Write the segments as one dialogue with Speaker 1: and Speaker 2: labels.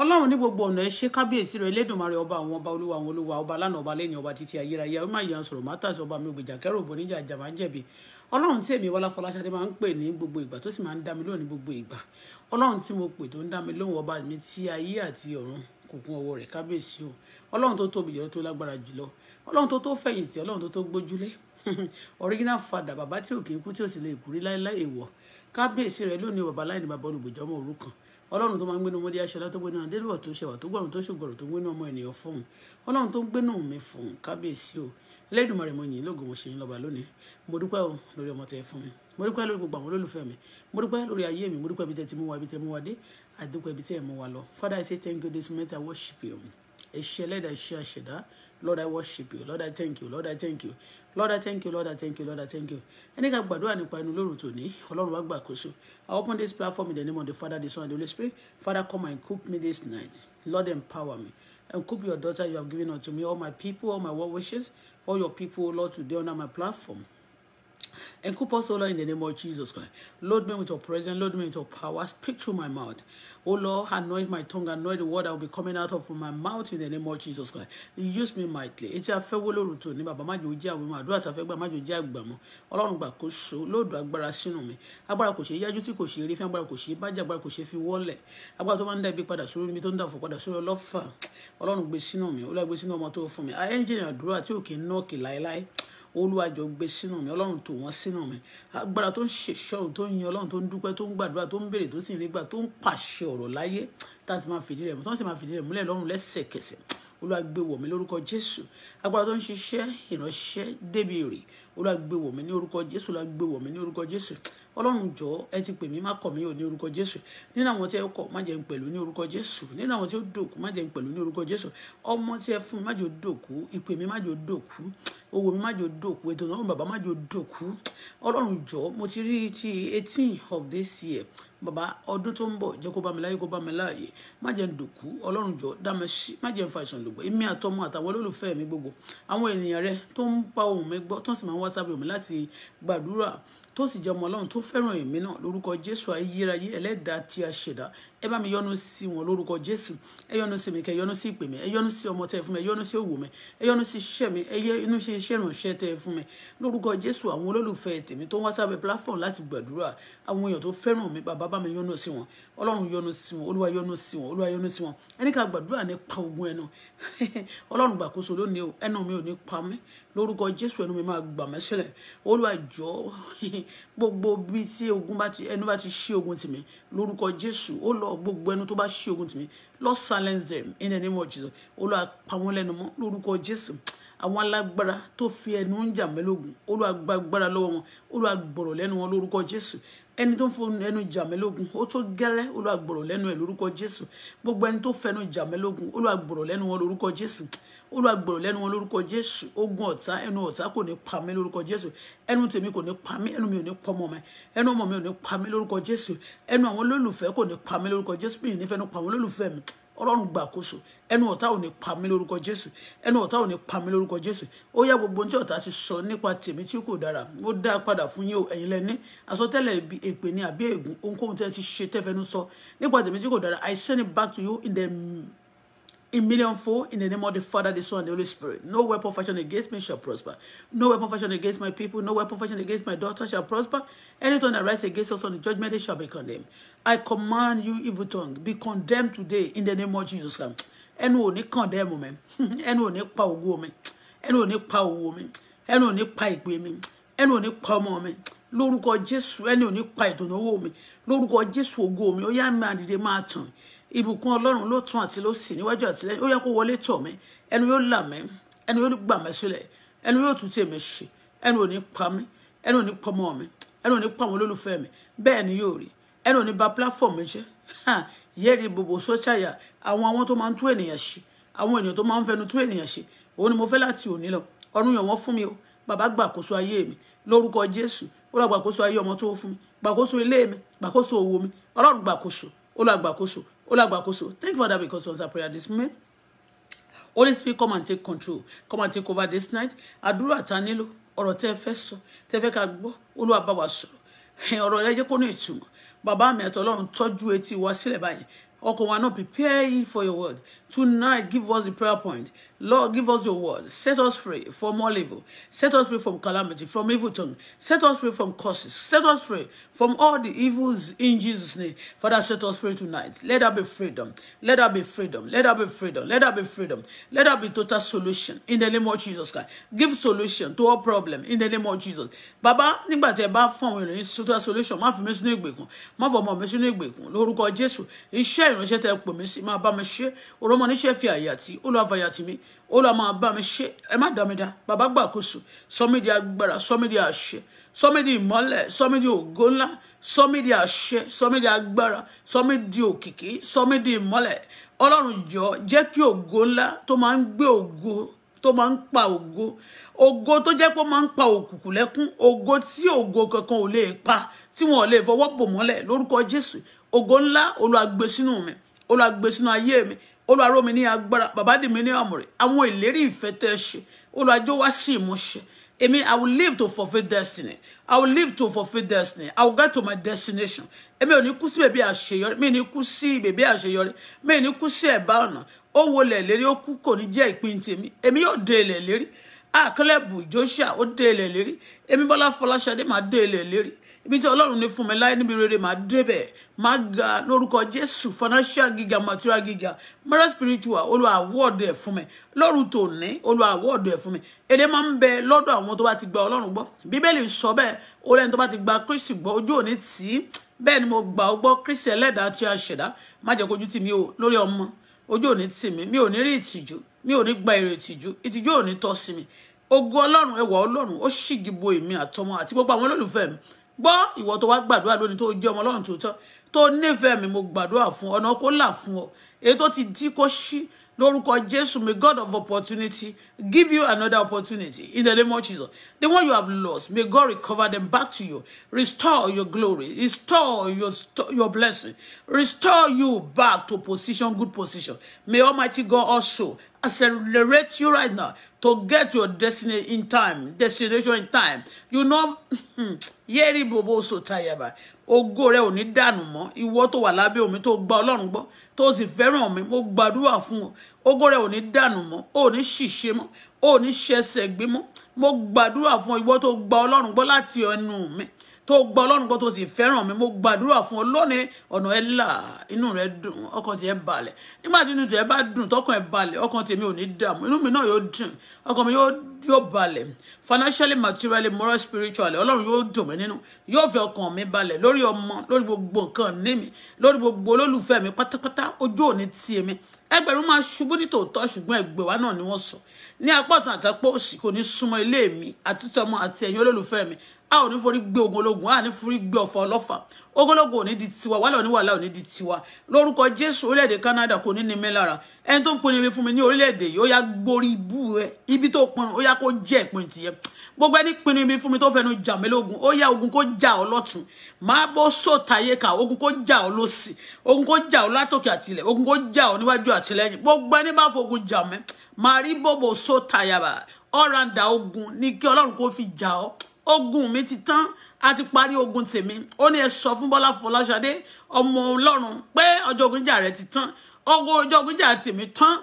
Speaker 1: ọlọ́run ní gbogbo ọ̀nà ẹ ṣe kábíyèsí rẹ elédùnmarè ọba àwọn ọba olúwa àwọn olúwa ọba lánàá ọba lẹ́yìn ọba títí ayérayé àwọn máa sọ̀rọ̀ mátà ọba mi gbèjà kẹrù òbò níjà àjàmá jẹ̀bi ọlọ́run tí èmi Wọlá Fọláṣadé máa ń pè ní gbogbo ìgbà tó sì máa ń dá mi lóhùn ní gbogbo ìgbà ọlọ́run tí mo pè tó ń dá mi lóhùn ọba mi tí ayé àti ọ̀run kò ọwọ́ rẹ̀ kábíyèsí o ọlọ́run tó tóbi jùlọ tó lágbára jùlọ ọlọ́run tó tó fẹ̀yìntì ọlọ́run tó tó gbójúlé original father bàbá tí ò kì í kú tí ò sì lè kú rí láéláé èèwọ̀ kábíyèsí rẹ lónìí bàbá láì ní bàbá olùgbèjọ́ mọ́ òru ọlọ́run tó máa ń gbénu ọmọdé aṣọlá tó gbénu adélùwọ̀ tó ṣẹwà tó gbọ̀rùn tó ṣògbọ̀rùn tó gbénu ọmọ ènìyàn fọ̀hún ọlọ́run tó ń gbénu mi fọ̀hún kábíyèsí o Elédùmarè mo yìn lógo mo ṣe yín lọ́ba lónìí mo dúpẹ́ o lórí ọmọ tẹ ẹ fún mi mo dúpẹ́ lórí gbogbo àwọn olólùfẹ́ mi mo dúpẹ́ lórí ayé mi mo dúpẹ́ ibi tẹ ti mú wa ibi tẹ mú wa dé àdúpẹ́ ibi tẹ mú wa lọ Father I say thank you this moment worship you ẹ ṣe ẹlẹ́dàá ẹ Lord, I worship you. Lord, I thank you. Lord, I thank you. Lord, I thank you. Lord, I thank you. Lord, I thank you. Ẹni ká gbàdúrà nípa inú lóru tòní, Ọlọ́run wá gbàkóso. I open this platform in the name of the Father, the Son, and the Holy Spirit. Father, come and equip me this night. Lord, empower me. and Equip your daughter you have given unto me, all my people, all my well wishes, all your people, Lord, today on my platform. And Equip us, O Lord, in the name of Jesus Christ. Load me with your presence, load me with your power. Speak through my mouth. O oh Lord, anoint my tongue, anoint the word that will be coming out of my mouth in the name of Jesus Christ. Use me mightily. Etí afẹ́ wó lóru tó ní bàbá má jò jẹ́ àwọn ọmọ àdúrà tàfẹ́ gbà má jò jẹ́ àgbà mọ́. Ọlọ́run gbà kó me. lóòdù agbára sínú mi. Agbára kò ṣe é yájú tí kò ṣe é rí fún agbára kò ṣe é bájà agbára kò ṣe é fi wọ́lẹ̀. Agbára tó máa ń dá ibi padà sórí mi tó ń dà fún padà sórí ọlọ́fà. Ọlọ́run gbé sínú mi, ó lágbé sínú ọmọ tó fún mi. Ẹ́ńjìnì àdúrà tí òkè náà kì láéláé olúwàjọ gbé sínú mi ọlọ́run tò wọ́n sínú mi agbára tó ń ṣèṣọ́run tó ń yin ọlọ́run tó ń dúpẹ́ tó ń gbàdúrà tó ń béèrè tó sì ń rígbà tó ń pàṣẹ ọ̀rọ̀ láyé tá a sì máa fìdí rẹ̀ tó sì máa fìdí rẹ̀ múlẹ̀ lọ́run lẹ́sẹ̀kẹsẹ̀ olúwa gbé wọ̀ mí lórúkọ jésù agbára tó ń ṣiṣẹ́ ìránṣẹ́ débi rè olúwa gbé wọ̀ mí ní orúkọ jésù olúwa gbé wọ̀ mí ní orúkọ jésù ọlọ́run jọ ẹ ti pè mí má kọ̀ mí ò ní orúkọ jésù nínú àwọn tí ẹ kọ̀ má jẹ́ n pẹ̀lú ní orúkọ jésù nínú àwọn tí ó dòkú má jẹ́ n pẹ̀lú ní orúkọ jésù ọmọ tí ẹ fún mi má jẹ́ ó dòkú ìpè mi má jẹ́ ó dòkú owó mi má jò dòkú ètò ìnáwó bàbá má jò dòkú ọlọ́run jọ mo ti rí ti eighteen of this year bàbá ọdún tó ń bọ̀ jẹ́ kó bá mi láyé kó bá mi láàyè má jẹ́ ń dòkú ọlọ́run jọ dámẹ́ sí má jẹ́ ń fa ìṣàn lògbọ́ èmi àtọmọ àtàwọn olólùfẹ́ mi gbogbo àwọn ènìyàn rẹ tó ń pa ohùn mi gbọ́ tó sì máa ń wá sábẹ́ mi láti gbàdúrà tó sì jẹ́ ọmọ ọlọ́run tó fẹ́ràn èmi náà lórúkọ jésù ayérayé ẹlẹ́dàá tí a ṣẹ̀dá ẹ bá mi yọ́nú sí wọn lórúkọ jésù ẹ yọ́nú sí mi kẹ́ yọ́nú sí ìpè mi ẹ yọ́nú sí ọmọ tẹ́ fún mi ẹ yọ́nú sí òwò mi ẹ yọ́nú sí iṣẹ́ mi ẹ yẹ inú ṣe iṣẹ́ ìrànṣẹ́ tẹ́ fún mi lórúkọ jésù àwọn olólùfẹ́ tèmi tó ń wá sábẹ́ platform láti gbàdúrà àwọn èèyàn tó fẹ́ràn mi bàbá bá mi yọ́nú sí wọn ọlọ́run yọ́nú sí wọn olúwa yọ́nú sí wọn olúwa yọ́nú sí wọn ẹni ká gbàdúrà ní pa ogun ẹnu ọlọ́run gbàkóso lónìí o ẹnu mi ò ní pa mí lórúkọ jésù ẹnu mi máa gbà mí sílẹ̀ olúwa jọ gbogbo bíi tí ogun bá ti ẹnu bá ti ṣí ogun tì mí lórúkọ jésù ó lọ Lord gbogbo ẹnu tó bá ṣí ogun tì mí silence them in the name of Jesus Olúwa pa wọ́n lẹ́nu mọ́ lórúkọ Jésù àwọn alágbára tó fi ẹnu ń jà mẹ́lógún Olúwa gba agbára lọ́wọ́ wọn Olúwa gbọ̀rọ̀ lẹ́nu wọn lórúkọ Jésù ẹni tó ń fọ ẹnu jà mẹ́lógún ó tó gẹ́lẹ́ Olúwa gbọ̀rọ̀ lẹ́nu ẹ̀ lórúkọ Jésù gbogbo ẹni tó fẹnu jà mẹ́lógún Olúwa gbọ̀rọ̀ lẹ́nu wọn lórúkọ Jésù olúwa gbọ̀rọ̀ lẹ́nu wọn lórúkọ jésù ogun ọ̀tá ẹnu ọ̀tá kò ní pa mí lórúkọ jésù ẹnu tèmi kò ní pa mí ẹnu mi ò ní pa ọmọ mi ẹnu ọmọ mi ò ní pa mí lórúkọ jésù ẹnu àwọn olólùfẹ́ kò ní pa mí lórúkọ jésù mi ò ní fẹ́nu pa àwọn olólùfẹ́ mi ọlọ́run gbàkóso ẹnu ọ̀tá ò ní pa mí lórúkọ jésù ẹnu ọ̀tá ò ní pa mí lórúkọ jésù ó yá gbogbo ohun tí ọ̀tá ti sọ nípa tèmi tí kò dára ó dá padà fún yín o ẹ̀yin lẹ́ni àsọtẹ́lẹ̀ ibi èpè ní àbí ègún ohunkóhun tẹ́ ti ṣe tẹ́fẹ́nu sọ nípa tèmi tí kò dára i send it back to you in the in million four, in the name of the Father, the Son, and the Holy Spirit. No weapon fashioned against me shall prosper. No weapon fashioned against my people, no weapon fashioned against my daughter shall prosper. Any that rises against us on the judgment day shall be condemned. I command you, evil tongue, be condemned today in the name of Jesus Christ. Ẹnu ò ní condemn mi, ẹnu ò ní pa ògo mi, ẹnu ò ní pa owó mi, ẹnu ò ní pa ìpè mi, ẹnu ò ní pa ọmọ mi. Lórúkọ Jésù, ẹnu ò ní pa ìdùnnú owó mi. Lórúkọ Jésù ògo mi, ó yá máa dìde máa tàn ìbùkún ọlọ́run ló tún àti ló sì níwájú àtìlẹ́yìn ó yẹ kó wọlé tọ̀ mí ẹnu yóò là mí ẹnu yóò gbà mí sílẹ̀ ẹnu yóò tún tèmi ṣe ẹnu ò ní pa mí ẹnu ò ní pọmọ mi ẹnu ò ní pa àwọn olólùfẹ́ mi bẹ́ẹ̀ ni yóò rí ẹnu ò ní ba platform mi jẹ́ yẹ́rì gbogbo sọ́ṣàyà àwọn àwọn tó máa ń tú ènìyàn ṣe àwọn ènìyàn tó máa ń fẹnu tú ènìyàn ṣe òun ni mo fẹ́ láti òní lọ ọ̀run yàn wọ́n fún mi o bàbá gbàkóso ayé mi lórúkọ Jésù ó lọ gbàkóso ayé ọmọ tó fún mi gbàkóso ilé mi gbàkóso owó mi ọlọ́run gbàkóso ó lọ gbàkóso olagbakoso thank you for that because of our prayer this moment holy spirit come and take control come and take over this night àdúrà ta nílò ọ̀rọ̀ tẹ́ ẹ fẹ́ sọ tẹ́ ẹ fẹ́ ká gbọ́ olúwa bá wa sọ̀rọ̀ ọ̀rọ̀ rẹ jẹ́ kó ní ìtumọ̀ bàbá mi àtọlọ́run tọ́jú etí wa sílẹ̀ báyìí Or can we not prepare ye for your word. Tonight, give us the prayer point. Lord, give us your word. Set us free from all evil. Set us free from calamity, from evil tongue. Set us free from curses. Set us free from all the evils in Jesus' name. Father, set us free tonight. Let there be freedom. Let there be freedom. Let there be freedom. Let there be freedom. Let there be total solution in the name of Jesus Christ. Give solution to all problem in the name of Jesus. Baba, nígbà tẹ́ bá fún àwọn ènìyàn total solution, Ma fi mí sínú Ma Má fọmọ mi sínú ìgbèkùn. Lórúkọ Jésù. Iṣẹ́ iṣẹ́ ìránṣẹ́ tẹ́ pò mí sí máa bá mi ṣe òrọ́mọ oníṣẹ́ fi àyè àti olú àfàyàtì mi olú àmọ́ bá mi ṣe ẹ má dá mi dá bàbá gbàkóso sọmídìí agbára sọmídìí àṣẹ sọmídìí ìmọ́lẹ̀ sọmídìí ògo ńlá sọmídìí àṣẹ sọmídìí agbára sọmídìí òkìkí sọmídìí ìmọ́lẹ̀ ọlọ́run jọ jẹ́ kí ògo ńlá tó máa ń gbé ògo tó máa ń pa ògo ògo tó jẹ́ pé ó máa ń pa òkùnkùn lẹ́kún ògo tí ògo kankan ò lè pa tí wọn ò lè fọwọ́ bò mọ́lẹ̀ lórúkọ Jésù ògo ńlá Olúwa gbé sínú mi Olúwa gbé sínú ayé mi Olúwa rọ̀ mí ní agbára bàbá dì mí ní àmùrè àwọn ìlérí ìfẹ́ tẹ́ ṣe Olúwa jọ wá sí ìmúṣẹ Èmi, I will live to fulfill destiny. I will live to fulfill destiny. I will get to my destination. Èmi ò ní kú sí bèbè àṣeyọrí. Mi ní kú sí bèbè àṣeyọrí. Mi ní kú sí ẹ̀bá ọ̀nà. Ó wọlẹ̀ lérí ó kú kò ní jẹ́ ìpín tèmi. Èmi yóò dé ilẹ̀ lérí. Àkọlẹ́bù Joshua ó dé ilẹ̀ lérí. Èmi Bọ́lá Fọláṣadé máa dé ilẹ̀ lérí ibi tí ọlọ́run ní fún mi láyé níbi rere màá débẹ̀ màá ga lórúkọ jésù financial giga material giga mara spiritual olúwa àwọ̀dù ẹ̀ fún mi lóru tòní olúwa àwọ̀dù ẹ̀ fún mi èrè máa ń bẹ lọ́dọ̀ àwọn tó bá ti gba ọlọ́run gbọ́ bíbélì sọ bẹ́ẹ̀ ó lẹ́ni tó bá ti gba kristi gbọ́ ojú òní tì í bẹ́ẹ̀ ni mo gbà ó gbọ́ kristi ẹlẹ́dàá tí a ṣẹ̀dá má jẹ́ kojú tì mí o lórí ọmọ ojú òní tì mí mi ò ní rí ìtìjú mi ò ní gba èrè ìtìjú ìtìjú ò ní tọ́ sí mi ogun ọlọ́run ẹwà ọlọ́run ó ṣìgìbo èmi àtọmọ àti gbogbo àwọn olólùfẹ́ mi gbọ́ ìwọ tó wá gbàdúrà lónìí tó jẹ́ ọmọ ọlọ́run tòótọ́ tó nífẹ̀ẹ́ mi mo gbàdúrà fún ọ̀nà kó là fún ọ èyí tó ti dí kó ṣí lórúkọ Jésù may God of opportunity give you another opportunity in the name of Jesus the one you have lost may God recover them back to you restore your glory restore your your blessing restore you back to position good position may Almighty God also accelerate you right now to get your destiny in time destination in time you know yeri bobo so tired ògo rẹ ò ní dànù mọ́ ìwọ tó wà lábẹ́ omi tó gba Ọlọ́run gbọ́ tó sì fẹ́ràn mi mo gbàdúrà fún ọ ògo rẹ ò ní dànù mọ́ ò ní ṣìṣe mọ́ ò ní ṣẹṣẹ gbé mọ́ mo gbàdúrà fún ọ ìwọ tó gba Ọlọ́run gbọ́ láti ẹnu mi tó gba ọlọ́run gbọ́ tó sì fẹ́ràn mi mo gbàdúrà fún ọ lónìí ọ̀nà ẹ là inú rẹ dùn ọkàn tiẹ̀ balẹ̀ nígbà tí inú tiẹ̀ bá dùn tọkàn ẹ balẹ̀ ọkàn tèmi ò ní dààmú inú mi náà yóò dùn ọkàn mi yóò balẹ̀ financially materially morally, spiritually ọlọ́run yóò dùn mí nínú yóò fi ọkàn mi balẹ̀ lórí ọmọ lórí gbogbo nǹkan ní mi lórí gbogbo olólùfẹ́ mi pátápátá ojú ò ní tì mí ẹgbẹ̀rún máa ṣubú ní tòótọ́ ṣùgbọ́n ẹgbẹ̀wá náà ni wọ́n sọ Ni apá ọ̀tún àtàpọ̀ òsì kò ní súnmọ́ ilé mi àtúntọ́mọ àti ẹ̀yin olólùfẹ́ mi a ò ní forí gbé ogologun a ní forí gbé ọ̀fà ọlọ́fà ogologun ò ní di tiwa wàhálà oníwàhálà ò ní di tiwa lórúkọ jésù orílẹ̀ canada kò ní ní mi lára ẹni tó ń pinnu ire fún mi ní orílẹ̀-èdè yìí ó yá gborí ibú rẹ ibi tó pinnu ó yá kó jẹ́ ìpín tìyẹ gbogbo ẹni pinnu ibi fún mi tó fẹnu jà mí lógun ó yá ogun kó jà ọ́ lọ́tún máa bó sòtayé ká ogun kó jà ọ́ lọ́sì ogun kó jà ọ́ látòkè àtìlẹ̀ ogun kó jà ọ́ níwájú àtìlẹ́yìn gbogbo ẹni bá fogun ogun mi ti tán a ti parí ogun tèmi ó ní ẹ sọ fún Bọ́lá Fọláṣadé ọmọ Ọlọ́run pé ọjọ́ ogunjà rẹ ti tán ọgbọ ọjọ́ ogunjà tèmi tán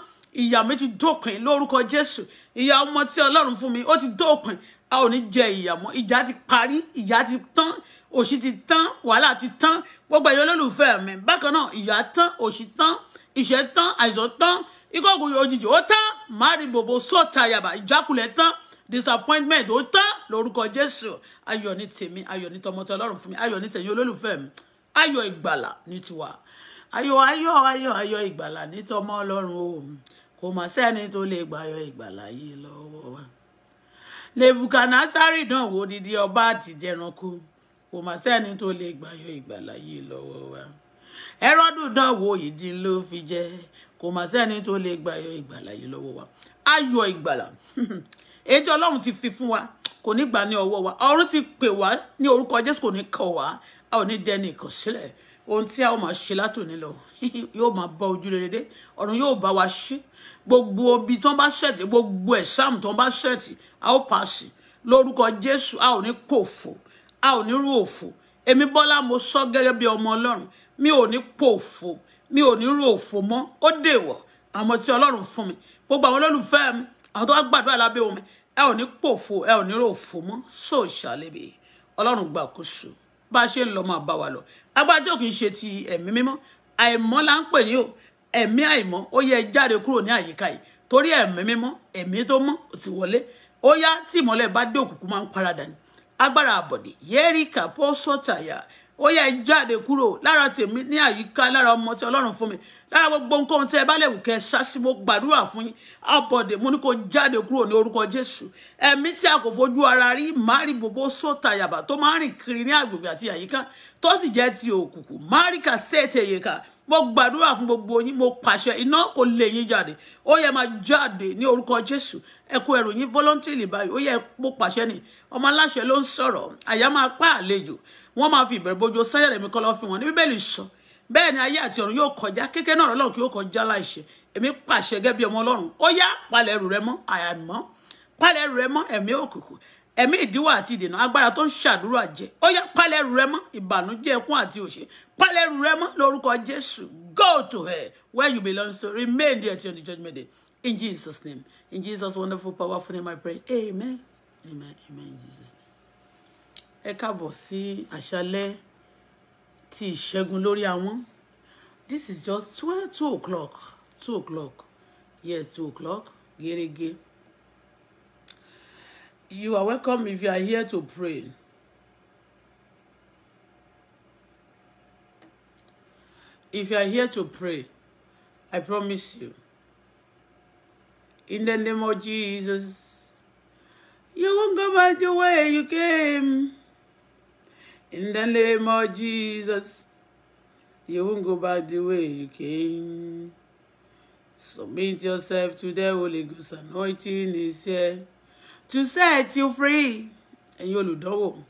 Speaker 1: ìyà mi ti dópin lórúkọ Jésù ìyà ọmọ tí Ọlọ́run fún mi ó ti dópin a ò ní jẹ ìyà mọ́ ìjà ti parí ìyà ti tán òṣì ti tán wàhálà ti tán gbogbo ẹ̀yin olólùfẹ́ mi bákan náà ìyà tán òṣì tán ìṣẹ́ tán àìsàn tán ikọ́ ògùn òjijì ó tán má rí bòbò sọ́ọ̀tà yàbá ìjákulẹ̀ tán disappointment ó tán lórúkọ jésù ayọ̀ ní tèmi ayọ̀ ní tọmọtọ ọlọ́run fún mi ayọ̀ ní tẹ̀yìn olólùfẹ́ mi ayọ̀ ìgbàlà ní tiwa ayọ̀ ayọ̀ ayọ̀ ayọ̀ ìgbàlà ní tọmọ ọlọ́run o kò mà sẹ́ni tó lè gba ayọ̀ ìgbàlà yìí lọ́wọ́ wa nebukadnasari náà wo didi ọba àtijẹranko kò mà sẹ́ni tó lè gba ayọ̀ ìgbàlà yìí lọ́wọ́ wa ẹrọdù náà wo ìdí ló fi jẹ kò mà sẹ́ni tó lè gba ayọ̀ ìgbàlà yìí lọ́wọ́ wa ayọ̀ ìgbàlà èyí tí ọlọ́run ti fi fún wa kò ní gbà ní ọwọ́ wa ọ̀run ti pè wá ní orúkọ jésù kò ní kọ̀ wá a ò ní dẹni ìkọ̀sílẹ̀ ohun tí a ó máa ṣe látòní lọ yóò máa bá ojú rere dé ọ̀run yóò bá wa ṣí gbogbo ibi tí wọ́n bá ṣẹ̀tì gbogbo ẹ̀sáàmù tí wọ́n bá ṣẹ̀tì a ó paṣì lórúkọ jésù a ò ní pòfò a ò ní rú òfò èmi bọ́lá mo sọ gẹ́gẹ́ bí ọmọ ọlọ́run mi ò ní pòfò mi ò ní rú òfò mọ́ ó dèwọ̀ àmọ́ tí ọlọ́run fún mi gbogbo àwọn olólùfẹ́ mi àwọn tó wá gbàdúrà lábẹ́ omi ẹ ò ní pòfo ẹ ò ní ròfo mọ́ so shall it be ọlọ́run gbàkóso bá a ṣe ń lọ máa bá wa lọ agbájọ kì í ṣe ti ẹ̀mí mímọ́ àìmọ́ là ń pè yín o ẹ̀mí àìmọ́ ó yẹ jáde kúrò ní àyíká yìí torí ẹ̀mí mímọ́ ẹ̀mí tó mọ́ ò ti wọlé ó yá tí ìmọ́lẹ̀ bá dé òkùnkùn máa ń paradà ní agbára àbọ̀dé yẹ́ríkà pọ́sọ̀tàyà ó yẹ jáde kúrò lára tèmi ní àyíká lára ọmọ tí ọlọ́run fún mi lára gbogbo nǹkan tẹ́ ẹ bá lè wù kẹ́ ẹ ṣáṣí mo gbàdúrà fún yín àbọ̀dè mo ní kó jáde kúrò ní orúkọ jésù ẹ̀mí tí a kò fojú ara rí mari bòbó sóta yàbá tó máa ń rìn kiri ní àgbègbè àti àyíká tó sì jẹ́ ti òkùnkùn mari kà séètè yèkà mo gbàdúrà fún gbogbo yín mo pàṣẹ iná kò lè yín jáde ó yẹ máa jáde ní orúkọ jésù ẹ kó ẹrù yín voluntarily báyìí ó yẹ mo pàṣẹ ni ọmọ aláṣẹ ló ń sọ̀rọ̀ àyà máa pa àlejò wọ́n máa fi ìbẹ̀rẹ̀ bojo sẹ́yẹ̀rẹ̀ mi kọ́lọ́ fi wọ́n ní bíbélì sọ bẹ́ẹ̀ ni ayé àti ọ̀run yóò kọjá kékeré náà ọlọ́run kí yóò kọjá láìṣe èmi pàṣẹ gẹ́gẹ́ bí ọmọ ọlọ́run ó yá palẹ̀ ẹrù rẹ mọ́ àyàmọ́ palẹ̀ ẹrù rẹ mọ́ ẹ̀mí òkùnkùn ẹ̀mí ìdíwọ́ àti ìdènà agbára tó ń ṣàdúrà jẹ ó yá palẹ̀ ẹrù rẹ mọ́ ìbànújẹ́ ẹkún àti òṣè palẹ̀ ẹrù rẹ mọ́ lórúkọ jésù go to hell where you belong To remain there till the judgment day in jesus name in jesus wonderful powerful name i pray amen amen amen jesus ẹ káàbọ̀ sí àṣálẹ́ ti ìṣẹ́gun lórí àwọn this is just two two o'clock two o'clock yes two o'clock gẹ́gẹ́ you are welcome if you are here to pray. If you are here to pray, I promise you. In the name of Jesus, you won't go back the way you came. In the name of Jesus, you won't go back the way you came. Submit yourself to the Holy Ghost anointing is here to set you free. And Ẹ̀yin olùdánwò.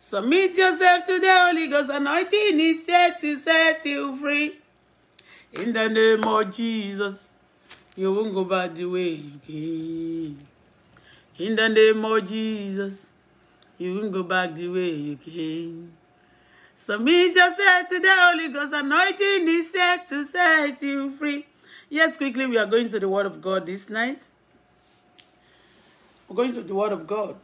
Speaker 1: Submit yourself to the Holy Ghost anointing is here to set you free. In the name of Jesus, you won't go back the way you came. In the name of Jesus. You won't go back the way you came. So Submit yourself to the Holy Ghost anointing is set to set you free. Yes, quickly, we are going to the Word of God this night. We're going to the Word of God.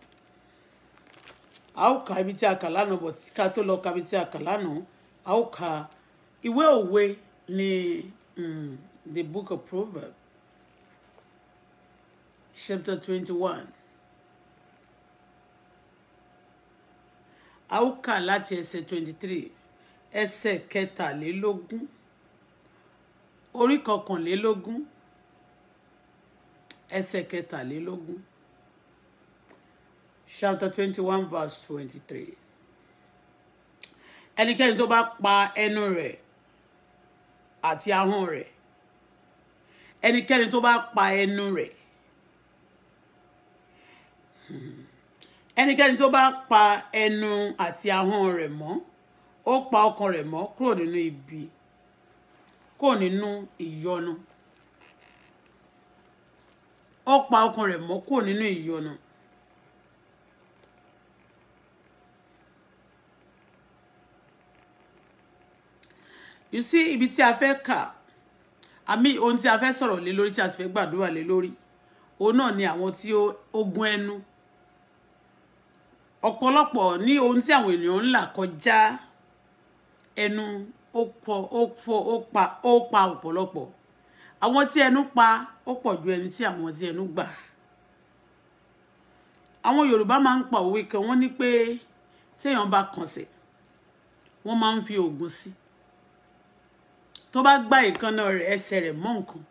Speaker 1: A ó akalano, but ká tó lọ ka ibi tí a kà lánàá, a ó ka mm, the book of Proverbs, chapter 21. a ó kà láti ẹsẹ̀ twenty three ẹsẹ̀ kẹtàlélógún orí kọkànlélógún ẹsẹ̀ kẹtàlélógún chapter 21 verse 23. three ẹnikẹ́ni tó bá pa ẹnu rẹ̀ àti ahọ́n rẹ̀ ẹnikẹ́ni tó bá pa ẹnu rẹ̀. Hmm ẹnikẹ́ni tó bá pa ẹnu àti ahọ́n rẹ̀ mọ́ ó pa ọkàn rẹ̀ mọ́ kúrò nínú ibi kúrò nínú ìyọnu ó pa ọkàn rẹ̀ mọ́ kúrò nínú ìyọnu. you see ibi tí a fẹ́ kà àmì ohun tí a fẹ́ sọ̀rọ̀ lé lórí tí a sì fẹ́ gbàdúrà lé lórí òun náà ni àwọn tí ogun ẹnu ọ̀pọ̀lọpọ̀ ní ohun tí àwọn ènìyàn ń là kọjá ẹnu ó pọ̀ ó pọ̀ ó pa ó pa ọ̀pọ̀lọpọ̀ àwọn tí ẹnu pa ó pọ̀ ju ẹni tí àwọn tí ẹnu gbà àwọn Yorùbá máa ń pa òwe kan wọ́n ní pé téèyàn bá kànsẹ̀ wọ́n máa ń fi oògùn sí tó bá gbá ìkànnà ẹsẹ̀ rẹ̀ mọ́ nǹkan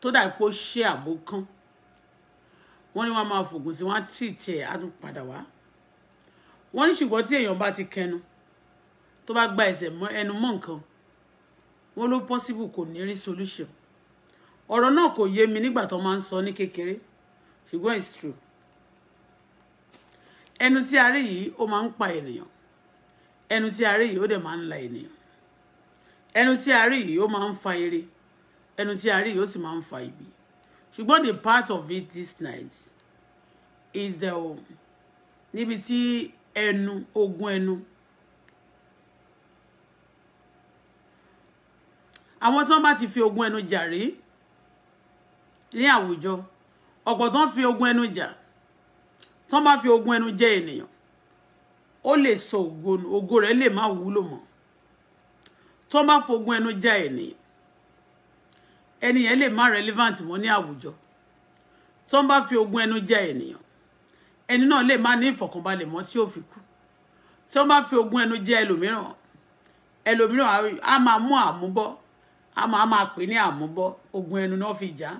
Speaker 1: tó dà pé ó ṣe àbò kan wọ́n ní wọ́n máa fògùn sí wọ́n á tì tì ẹ̀ á padà wá wọ́n ní ṣùgbọ́n tí èèyàn bá ti kẹnu To bá gba ẹsẹ̀ mọ́ ẹnu mọ́ nǹkan wọ́n ló possible kò ní rí solution ọ̀rọ̀ náà ko ye mi nígbà tó máa ń sọ ní kékeré ṣùgbọ́n true ẹnu tí a rí yìí ó máa ń pa ènìyàn ẹnu tí a rí yìí ó dẹ̀ máa ń la ènìyàn ẹnu tí a ire ẹnu tí a rí yìí ó sì máa ibi ṣùgbọ́n the part of it this night is the home níbi tí ẹnu ogun ẹnu àwọn tí wọ́n bá ti fi ogun ẹnu jà rí ní àwùjọ ọ̀pọ̀ tí wọ́n fi ogun ẹnu jà tí wọ́n bá fi ogun ẹnu jẹ ènìyàn ó lè sọ ògo rẹ̀ lè má wúlò mọ́ tí wọ́n bá fogun ẹnu jẹ ènìyàn ẹnìyẹn lè má relevant mọ́ ní àwùjọ tí wọ́n bá fi ogun ẹnu jẹ ènìyàn ẹni náà lè má ní ìfọ̀kànbalẹ̀ mọ́ tí ó fi kú tí wọ́n bá fi ogún ẹnu jẹ ẹlòmíràn ẹlòmíràn a máa mú àmúbọ́ a máa máa pè ní àmúbọ́ ogún ẹnu náà fi jà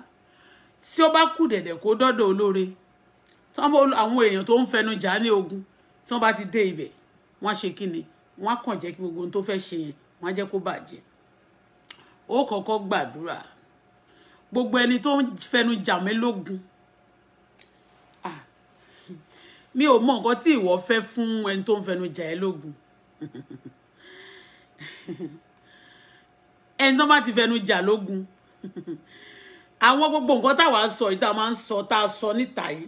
Speaker 1: tí ó bá kù dẹ̀dẹ̀ kó dọ́dọ̀ olóore tí wọ́n bá àwọn èèyàn tó ń fẹnu jà ní ogun tí wọ́n bá ti dé ibẹ̀ wọ́n ṣe kí ni wọ́n kàn jẹ́ kí gbogbo ohun tó fẹ́ ṣe yẹn wọ́n á jẹ́ kó bàjẹ́ ó kọ́kọ́ gbàdúrà gbogbo ẹni tó ń fẹnu jà mí lógun mi ò mọ nǹkan tí ìwọ fẹ́ fún ẹni tó ń fẹnu jà ẹ́ lógun ẹni tó bá ti fẹnu jà lógun àwọn gbogbo nǹkan táwa ń sọ yìí tá a máa ń sọ tá a sọ níta yìí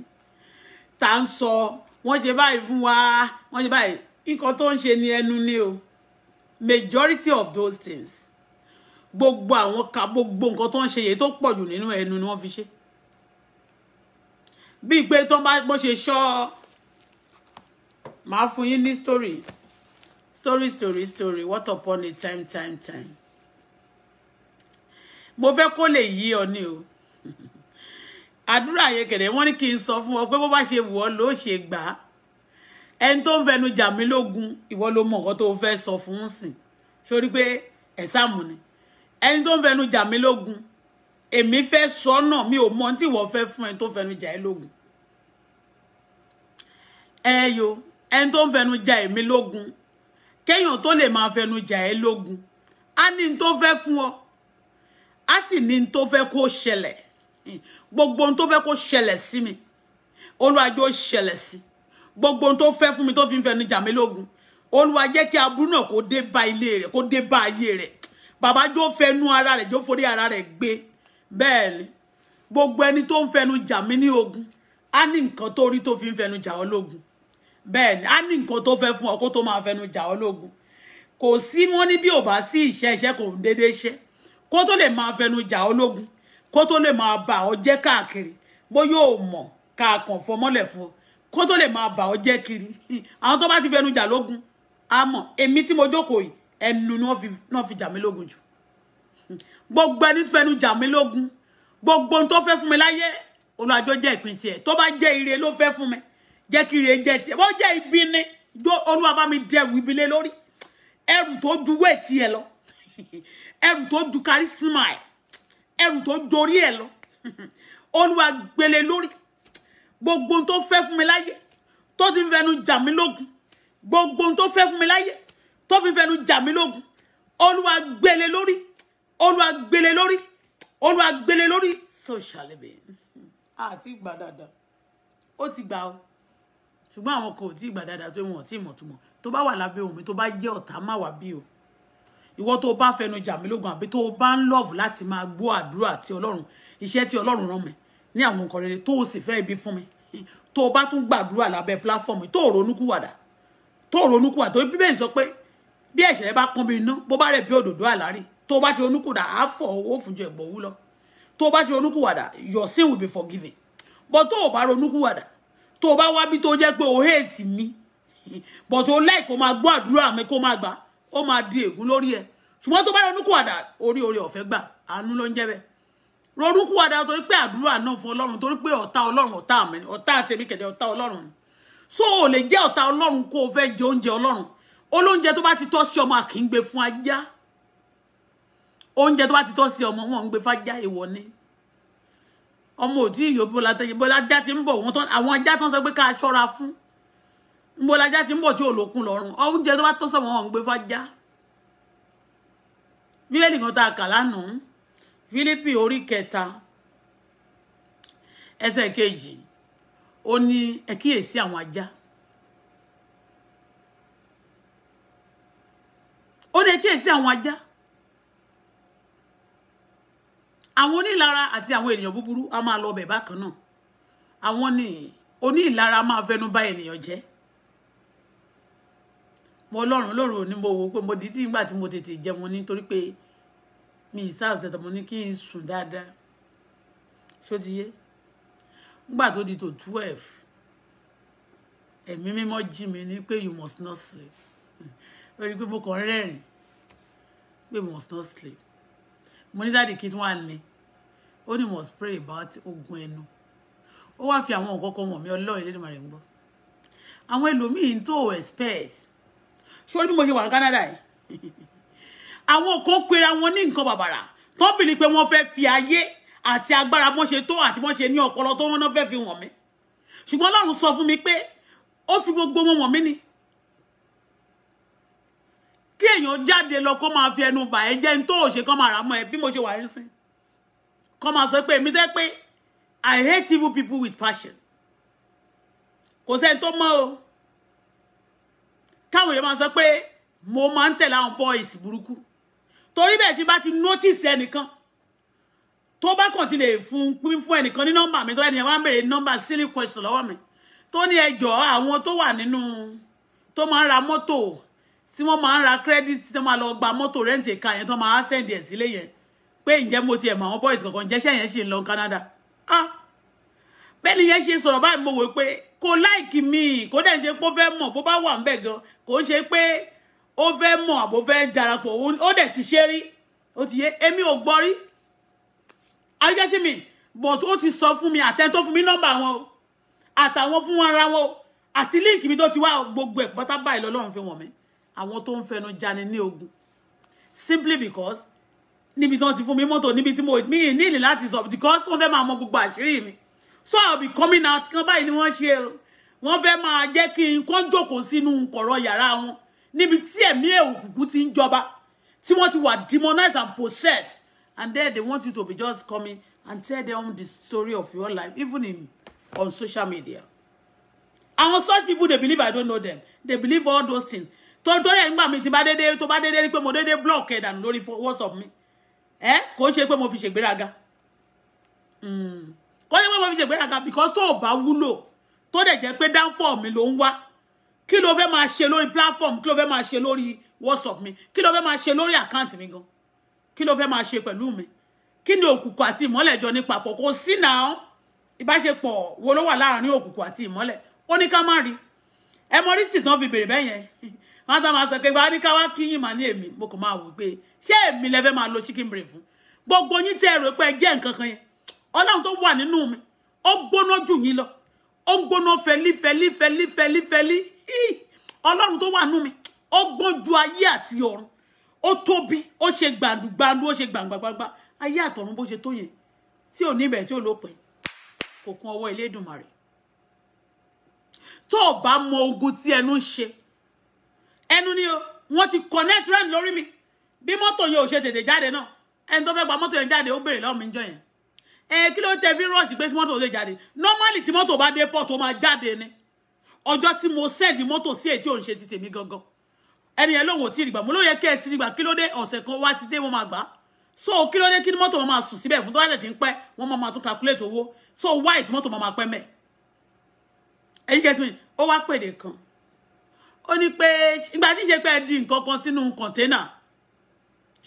Speaker 1: tá a wa wọ́n ṣe báyìí nǹkan tó ń ni ẹnu ni o majority of those things gbogbo àwọn ka gbogbo nǹkan tó ń ṣe yìí tó pọ̀ jù ni wọ́n fi ṣe bíi pé tó bá bó ṣe ṣọ́ Ma fún yín ní story story story story what upon a time time time mo fẹ́ kó lè yí ọ ní o Adura yẹn kẹ̀dẹ̀ wọ́n ní kí n sọ fún ọ pé bó bá ṣe wù ọ́ ló ṣe gbà á ẹni tó ń fẹnu jà mí lógun ìwọ ló mọ nǹkan tó fẹ́ sọ fún ni ẹni tó ń fẹnu jà mí lógun èmi fẹ́ mi o mọ tí ìwọ fẹ́ fún ẹni tó fẹnu jà ẹ́ lógun ẹ ẹni tó ń fẹnu ja èmi lógun kéèyàn tó lè máa fẹnu ja ẹ lógun á ní n tó fẹ́ fún ọ á sì ní n gbogbo n tó fẹ́ kó ṣẹlẹ̀ mi Olúwa jẹ́ ó si. sí gbogbo n tó fẹ́ mi tó fi ń fẹnu ja mi lógun Olúwa jẹ́ kí aburú náà kó dé bá ilé rẹ̀ kó dé bá ayé rẹ̀ bàbá jó fẹnu ara rẹ̀ jó forí ara rẹ̀ gbé bẹ́ẹ̀ ni gbogbo ẹni tó ń fẹnu jà mí ogun á ní nǹkan tó rí fi ń fẹnu jà ọ bẹ́ẹ̀ ni á ní nǹkan tó fẹ́ fún ọ kó tó máa fẹnu jà ọ́ lógun kò sí mọ́ ní bí ò bá sí ìṣe iṣẹ́ kò ń déédéé ṣe kó tó lè máa fẹnu jà ọ́ lógun kó tó lè máa bà ọ́ jẹ́ káàkiri bó yóò mọ̀ ká kàn fọmọ́lẹ̀ fún ọ kó tó lè máa bà ọ́ jẹ́ kiri àwọn tó bá ti fẹnu jà lógun á mọ̀ èmi tí mo jókòó yìí ẹnu ni wọ́n fi jà mí lógun jù gbogbo ẹni tó fẹnu jà mí lógun gbogbo ohun tó fẹ́ fún mi láyé olùwàjọ jẹ́ ìpín tiẹ̀ tó bá jẹ́ ire ló fẹ́ fún mi jẹ́ ki re jẹ́ tiẹ̀ wọ́n jẹ́ ibi ni olúwa bá mi dẹrù ibi lé lórí ẹrù tó ju wéètì ẹ lọ ẹrù tó ju kárísímà ẹ ẹrù tó jorí ẹ lọ olúwa gbélé lórí gbogbo To fẹ́ fún mi láyé tó ti fẹnu jà mí lógun gbogbo tó fẹ́ fún mi láyé tó fi fẹnu jà mí lógun olúwa gbélé lórí olúwa gbélé lórí olúwa gbélé lórí so shall it be àti gbà dáadáa ó ti gbà o ṣùgbọ́n àwọn kan ò tí ì gbà dáadáa tó wọn ò tí ì mọ̀túmọ̀ tó bá wà lábẹ́ omi tó bá jẹ́ ọ̀tá má wà bí o ìwọ tó bá fẹnu jà mí lógun àbí tó bá ń lọ́ọ̀fù láti máa gbọ́ àdúrà tí ọlọ́run iṣẹ́ tí ọlọ́run rán mi ní àwọn nǹkan rere tó o sì fẹ́ ibi fún mi tó o bá tún gbàdúrà lábẹ́ platform tó o ronúkúwàdà tó o ronúkúwàdà tó bíbélì sọ pé bí ẹ̀ṣẹ̀ bá pọ́n bí iná bó bá rẹ̀ bí òdòdó àlárí tó o bá ti ronúkúwàdà á fọ̀ owó fún jẹ ìgbọ̀wú lọ tó o bá ti ronúkúwàdà your sin will be forgiven but tó o bá ronúkúwàdà tó bá wá bí tó jẹ́ pé o hate mi but o like o máa gbọ́ àdúrà mi kó máa gbà ó máa di ègún lórí ẹ ṣùgbọ́n tó bá ronúkúwàdà orí orí ọ̀fẹ́ gbà àánú ló ń jẹ́ bẹ́ẹ̀ ronúkúwàdà torí pé àdúrà náà fún ọlọ́run torí pé ọ̀tá ọlọ́run ọ̀tá mi ọ̀tá tèmi kẹ̀dẹ̀ ọ̀tá ọlọ́run so o lè jẹ́ ọ̀tá ọlọ́run kó o fẹ́ jẹ oúnjẹ ọlọ́run olóúnjẹ tó bá ti tọ́ sí ọmọ àkíngbé fún ajá oúnjẹ tó bá ti tọ́ sí ọmọ wọn ń gbé fájá ni ọmọ ò tí ì yóò bọ́lá tẹ́jú bọ́lá ajá ti ń bọ̀ wọ́n tán àwọn ajá tán sọ pé ká ṣọ́ra fún bọ́lá ajá ti ń bọ̀ tí ò lókun lọ́rùn oúnjẹ tó bá tọ́ sọ̀mọ́ wọn ń gbé fájá bíbélì kan tá a kà lánàá Fílípì orí kẹta ẹsẹ̀ kejì ó ní ẹ kíyèsí àwọn ajá ó ní ẹ àwọn ajá àwọn onílara àti àwọn ènìyàn búburú a máa lọ bẹ̀ bákan náà àwọn ní onílara máa fẹnu bà ènìyàn jẹ́ mo ọlọ́run lóru ni mo wò pé mo dídí nígbà tí mo tètè jẹun nítorí pé mi ìsáàsì ẹ̀tọ́ mo ní kí n sùn dáadáa ṣó ti yé nígbà tó di tó twelve ẹ̀mí mímọ́ jí mi ní pé you must not sleep lórí pé mo kàn rẹ́rìn pé you must not sleep mo ní dáàdì kí tí wọ́n must pray about ogun ẹnu ó wá fi àwọn nǹkan kan wọ̀n mí ọlọ́run Elédùmarè ń gbọ́ àwọn ẹlòmíín tó expect ṣé ó ní mo ṣe wà ní Canada yìí àwọn kan pera wọn ní nǹkan bàbàrà tó bìlí pé wọ́n fẹ́ fi ayé àti agbára bọ́n ṣe tó àti bọ́n ṣe ní ọpọlọ tó wọ́n fi wọ̀n mí ṣùgbọ́n ọlọ́run sọ fún mi pé ó fi gbogbo wọn wọ̀n ni kí èèyàn jáde lọ kó máa fi ẹnu bà ẹ́ jẹ́ ní tó ò ṣe kán máa rà mọ́ ẹ bí mo ṣe wà ń sìn kán máa sọ pé èmi tẹ́ pé I hate evil people with passion kò sẹ́ni tó mọ́ o káwọn èèyàn máa sọ pé mo máa ń tẹ̀lé àwọn boys burúkú torí bẹ́ẹ̀ tí bá ti notice ẹnìkan tó bá kàn ti lè fún pín fún ẹnìkan ní nọ́mbà mi tó ẹnìyàn máa ń béèrè nọ́mbà silly question lọ́wọ́ mi tó ní ẹjọ́ àwọn tó wà nínú tó máa ń ra mọ́tò tí wọ́n máa ń ra credit tí wọ́n máa lọ gba mọ́tò rent car yẹn tí wọ́n máa send ẹ̀ sílé yẹn pé ǹjẹ́ mo ti ẹ̀ mọ̀ àwọn boys kankan jẹ́ṣẹ́ yẹn ṣe ń lọ Canada ah bẹ́ẹ̀ ni yẹn ṣe sọ̀rọ̀ báyìí mo wò pé kò láìkì mi kò dẹ̀ ṣe pé ó fẹ́ mọ̀ bó bá wà ń bẹ̀ gan kò ń ṣe pé ó fẹ́ mọ̀ àbò fẹ́ darapọ̀ ó dẹ̀ ti ṣe rí ó ti yé èmi ò gbọ́ rí ayéjẹ́sí mi but ó ti sọ fún mi àtẹ́ tó fún mi nọ́mbà wọn o àtàwọn fún wọn ara wọn àti líǹkì mi tó ti wá gbogbo ẹ̀ pátá báyìí lọ́lọ́run fi wọ̀n mi àwọn tó ń fẹnu jani ní ogun simply because níbi tí wọ́n ti fún mi mọ́tò níbi tí mo mi nílè láti sọ because wọ́n fẹ́ máa mọ gbogbo àṣírí mi so I'll be coming out kan báyìí ni wọ́n ṣe o wọ́n fẹ́ máa jẹ́ kí n kọ́ jókòó sínú kọ̀rọ̀ yàrá wọn níbi tí ẹ̀mí òkùnkùn ti ń jọba tí wọ́n ti wà demonized and possessed and then they want you to be just coming and tell them the story of your life even in on social media. And on such people, they believe I don't know them. They believe all those things torí ẹ̀ nígbà mi ti bá dédé tó bá dédé rí pé mo dédé block ẹ̀ dànù lórí whatsapp mi ẹ kò ṣe pé mo fi ṣègbéraga hmm. kò ṣe pé mo fi ṣègbéraga because tó o bá wúlò tó dẹ̀ jẹ́ pé downfall mi ló ń wá kí ló fẹ́ máa ṣe lórí platform kí ló fẹ́ máa ṣe lórí whatsapp mi kí ló fẹ́ máa ṣe lórí àkáǹtì mi gan kí ló fẹ́ máa ṣe pẹ̀lú mi kí ni òkùnkùn àti ìmọ́lẹ̀ jọ ní papọ̀ kò sí náà ìbáṣepọ̀ wo ló wà láàárín òkùnkùn àti ìmọ́lẹ̀ ó ní ká má rí ẹ mọ rí sì tán fi bèrè bẹ́yẹn wọn tá máa sọ pé gbàá ní ká wá kíyìn ní èmi mo kàn máa wò pé ṣé èmi lẹ máa lo chicken brain fún gbogbo yín tí ẹ rò pé ẹ jẹ́ nǹkan kan yẹn ọlọ́run tó wà nínú mi ó gbóná jù yín lọ ó gbóná fẹlí fẹlí fẹlí fẹlí fẹlí ọlọ́run tó wà nínú mi ó gbọ́n ju ayé àti ọ̀run ó tóbi ó ṣe gbàndùgbàndù ó ṣe gbàǹgbàǹgbà ayé àtọ̀run bó ṣe tó yẹn tí ò ní ìbẹ̀rẹ̀ tí ò lópin kò kún ọwọ́ Elédùmarè tó o bá mọ ogun tí ẹnu ń ṣe ẹnu ni o wọ́n ti connect rẹ̀ lórí mi bí mọ́tò yẹn ò ṣe tètè jáde náà ẹni tó fẹ́ gba mọ́tò yẹn jáde ó béèrè lọ́wọ́ mi ń jọ yẹn ẹ kí ló tẹ fi rush pé kí mọ́tò lè jáde normally tí mọ́tò bá dé port ó máa jáde ni ọjọ́ tí mo send mọ́tò sí èyí tí ò ń ṣe ti tèmi gangan ẹni yẹn lòun ò tí ì gbà mo ló yẹ kẹ́ ẹ sí ìgbà kí ló dé ọ̀sẹ̀ kan wá ti dé wọ́n máa gbà so kí ló dé kí mọ́tò wọn máa sùn síbẹ̀ fún tó bá tẹ̀tí ń pẹ́ wọ́n máa tún calculate owó so why tí mọ́tò wọn máa pẹ́ mẹ́ ẹ̀yin get me ó wá pèdè kan ó ní pé ìgbà tí ń ṣe pé ẹ di nǹkan kan sínú kọ̀ńténà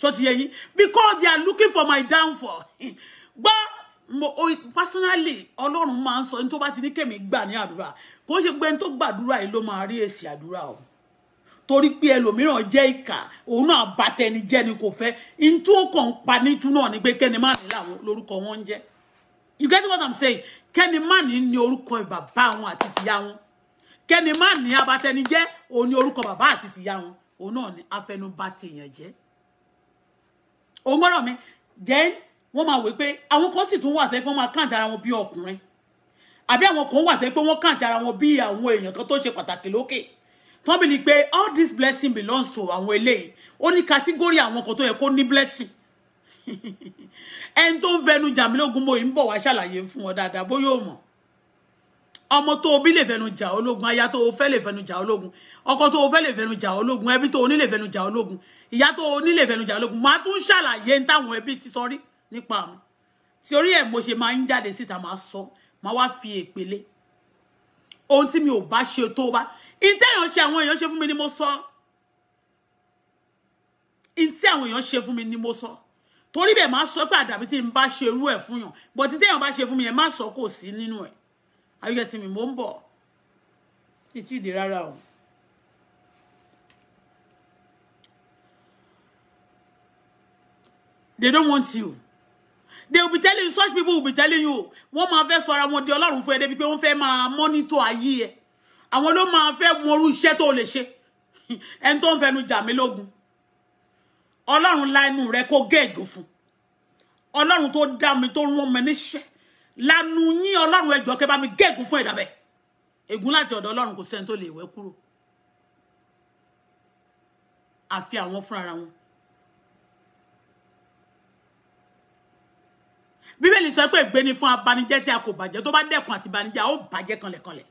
Speaker 1: ṣó ti yẹ yín because they are looking for my downfall gbọ́ personally ọlọ́run máa ń sọ ní tó bá ti ní kẹ́mi gbà ní àdúrà kò ṣe pé ní tó gbàdúrà yìí ló máa rí èsì àdúrà o torí pé ẹlòmíràn jẹ́ ìkà òun náà bàtẹni jẹ́ ni kò fẹ́ ní tó kàn pa nítú náà ni pé kẹ́ni má ní làwọn lórúkọ wọn ń jẹ́ you get what i'm saying kẹ́ni má ní ní orúkọ bàbá wọn àti tìyá wọn kẹ́ni má ní abatẹnijẹ́ òun ni orúkọ bàbá àti tìyá wọn òun náà ni afẹnubá tèèyàn jẹ́ òun gbọ́dọ̀ mi then wọ́n máa wí pé àwọn kan sì tún wà tẹ́ pé wọ́n máa kàǹtì ara wọn bí ọkùnrin àbí àwọn kan wà tẹ́ pé wọ́n kàǹtì ara wọn bí àwọn èèyàn kan tó ṣe pàtàkì lókè tán bí ni pé all this blessing belongs to àwọn eléyìí ó ní kàtígórì àwọn kan tó yẹ kó ní blessing ẹni tó ń fẹnu jàmílógún mo yìí ń bọ̀ wá ṣàlàyé fún ọ dáadáa bóyá ò mọ̀ ọmọ tó o bí lè fẹnu jà ológun aya tó o fẹ́ lè fẹnu jà ológun ọkọ tó o fẹ́ lè fẹnu jà ológun ẹbí tó o ní lè fẹnu jà ológun ìyá tó o ní lè fẹnu jà ológun màá tún ṣàlàyé ní táwọn ẹbí ti sọ rí nípa mi tí orí ẹ̀ mo ṣe máa ń jáde síta máa sọ máa wá fi èpele ohun tí mi ò bá ṣe tó bá ìtẹ̀yàn ṣe àwọn èèyàn ṣe fún mi ni mo sọ ìtí àwọn èèyàn ṣe fún mi ni mo sọ torí bẹ́ẹ̀ máa sọ pé àdàbí tí n bá ṣerú ẹ̀ fún yàn bọ̀tí tẹ̀yàn bá ṣe fún mi yẹn má sọ kò sí nínú ẹ̀ are you getting me mo ń bọ̀ ní tí they don't want you they will be telling you such people will be telling you wọ́n máa fẹ́ sọ ara wọn di Ọlọ́run fún ẹ débi money to fẹ́ máa mọ́nítọ̀ ayé ẹ àwọn ló máa fẹ́ mọrú iṣẹ́ tó lè ṣe ẹni tó ń fẹnu jà mí lógun Ọlọ́run la inú rẹ kó gẹẹgùn fún Ọlọ́run tó dá mi tó lanu yín ọlọ́run ẹjọ́ kẹ́ bá mi gégùn fún ẹ̀dá bẹ́ẹ̀ ègún láti ọ̀dọ̀ ọlọ́run kò sẹ́ni tó lè wẹ́ kúrò àfi àwọn fúnra wọn. bíbélì sọ pé ègbé ni fún abanijẹ́ tí a kò bàjẹ́ tó bá dẹ́kun àti banijẹ́ a ó bàjẹ́ kanlẹ̀kanlẹ̀.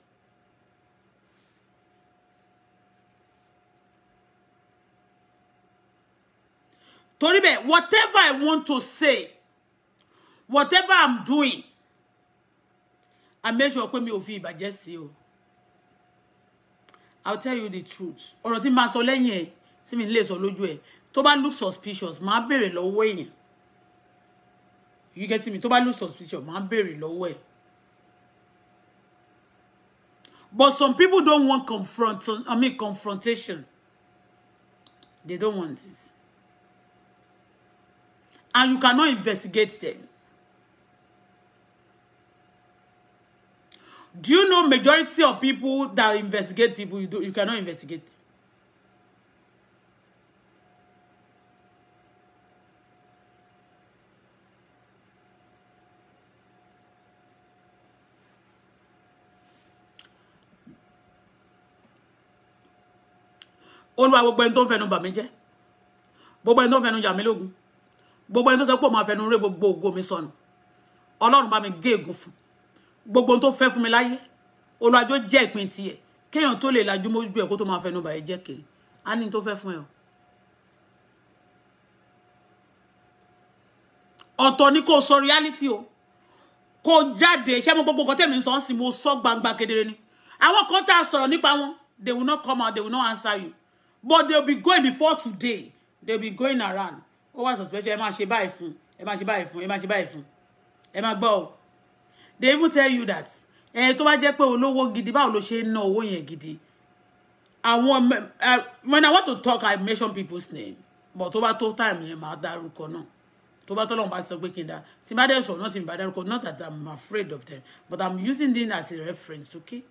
Speaker 1: torí bẹ́ẹ̀ whatever I want to say whatever I'm doing I make sure pé mi ò fi ìbàjẹ́ sí o I'll tell you the truth ọ̀rọ̀ tí màá sọ lẹ́yìn ẹ̀ tí mi lè sọ lójú ẹ̀ tó bá look suspicious Ma béèrè lọ́wọ́ èèyàn you get me tó bá look suspicious Ma béèrè lọ́wọ́ ẹ̀ but some people don't want confront I mean confrontation they don't want it and you cannot investigate them. Do you know majority of people that investigate people, you, do, you cannot investigate them? olúwa gbogbo ẹni tó ń fẹnu bà mí jẹ gbogbo ẹni tó ń fẹnu yà mí lógun gbogbo ẹni tó sọ pé òun máa fẹnu ré gbogbo ògo mi sọnù ọlọ́run bá mi gé ègún fún gbogbo tó fẹ́ fún mi láyé olùwàjò jẹ́ ìpín tiẹ̀ kéèyàn tó lè lajú mójú ẹ̀ kó tó máa fẹnu bàyẹ̀ jẹ́ kiri á ní tó fẹ́ fún ẹ o. ọ̀tọ̀ ni kò sọ reality o kò jáde ṣé mo gbogbo nǹkan tẹ̀mí ń sọ ń sìn mo sọ gbangba kedere ni àwọn kan tá a sọ̀rọ̀ nípa wọn they will not come out they will not answer you but they will be going before today they will be going around ó wà suspicious ẹ máa ṣe báyìí fún ẹ máa ṣe báyìí fún ẹ máa ṣe báyìí fún ẹ máa gbọ́ ọ they even tell you that ẹni tó bá jẹ́ pé olówó gidi ba ló ṣe ń ná owó yẹn gidi àwọn when i want to talk i mention people's name but tó bá tó time yẹn máa dárúkọ náà tó bá tọ́lọ́run bá sọ pé kí n dá tí bá dẹ̀ sọ̀rọ̀ náà not that i'm afraid of them but i'm using them as a reference okay.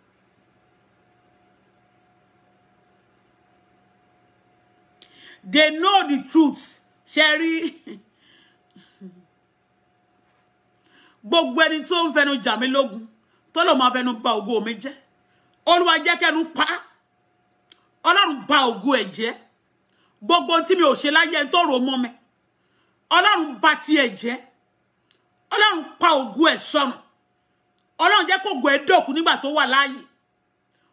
Speaker 1: they know the truth Sherry. gbogbo ẹni tó ń fẹnu jà mí lógun tó lọ máa fẹnu ba ògo mi jẹ́ olúwa jẹ́ kẹnu pa ọlọ́run ba ògo ẹ̀ jẹ́ gbogbo tí mi ò ṣe láyé ẹni tó rò mọ́ mi ọlọ́run ba tiẹ̀ jẹ́ ọlọ́run pa ògo ẹ̀ sọnù ọlọ́run jẹ́ kó ògo ẹ̀ dòkú nígbà tó wà láàyè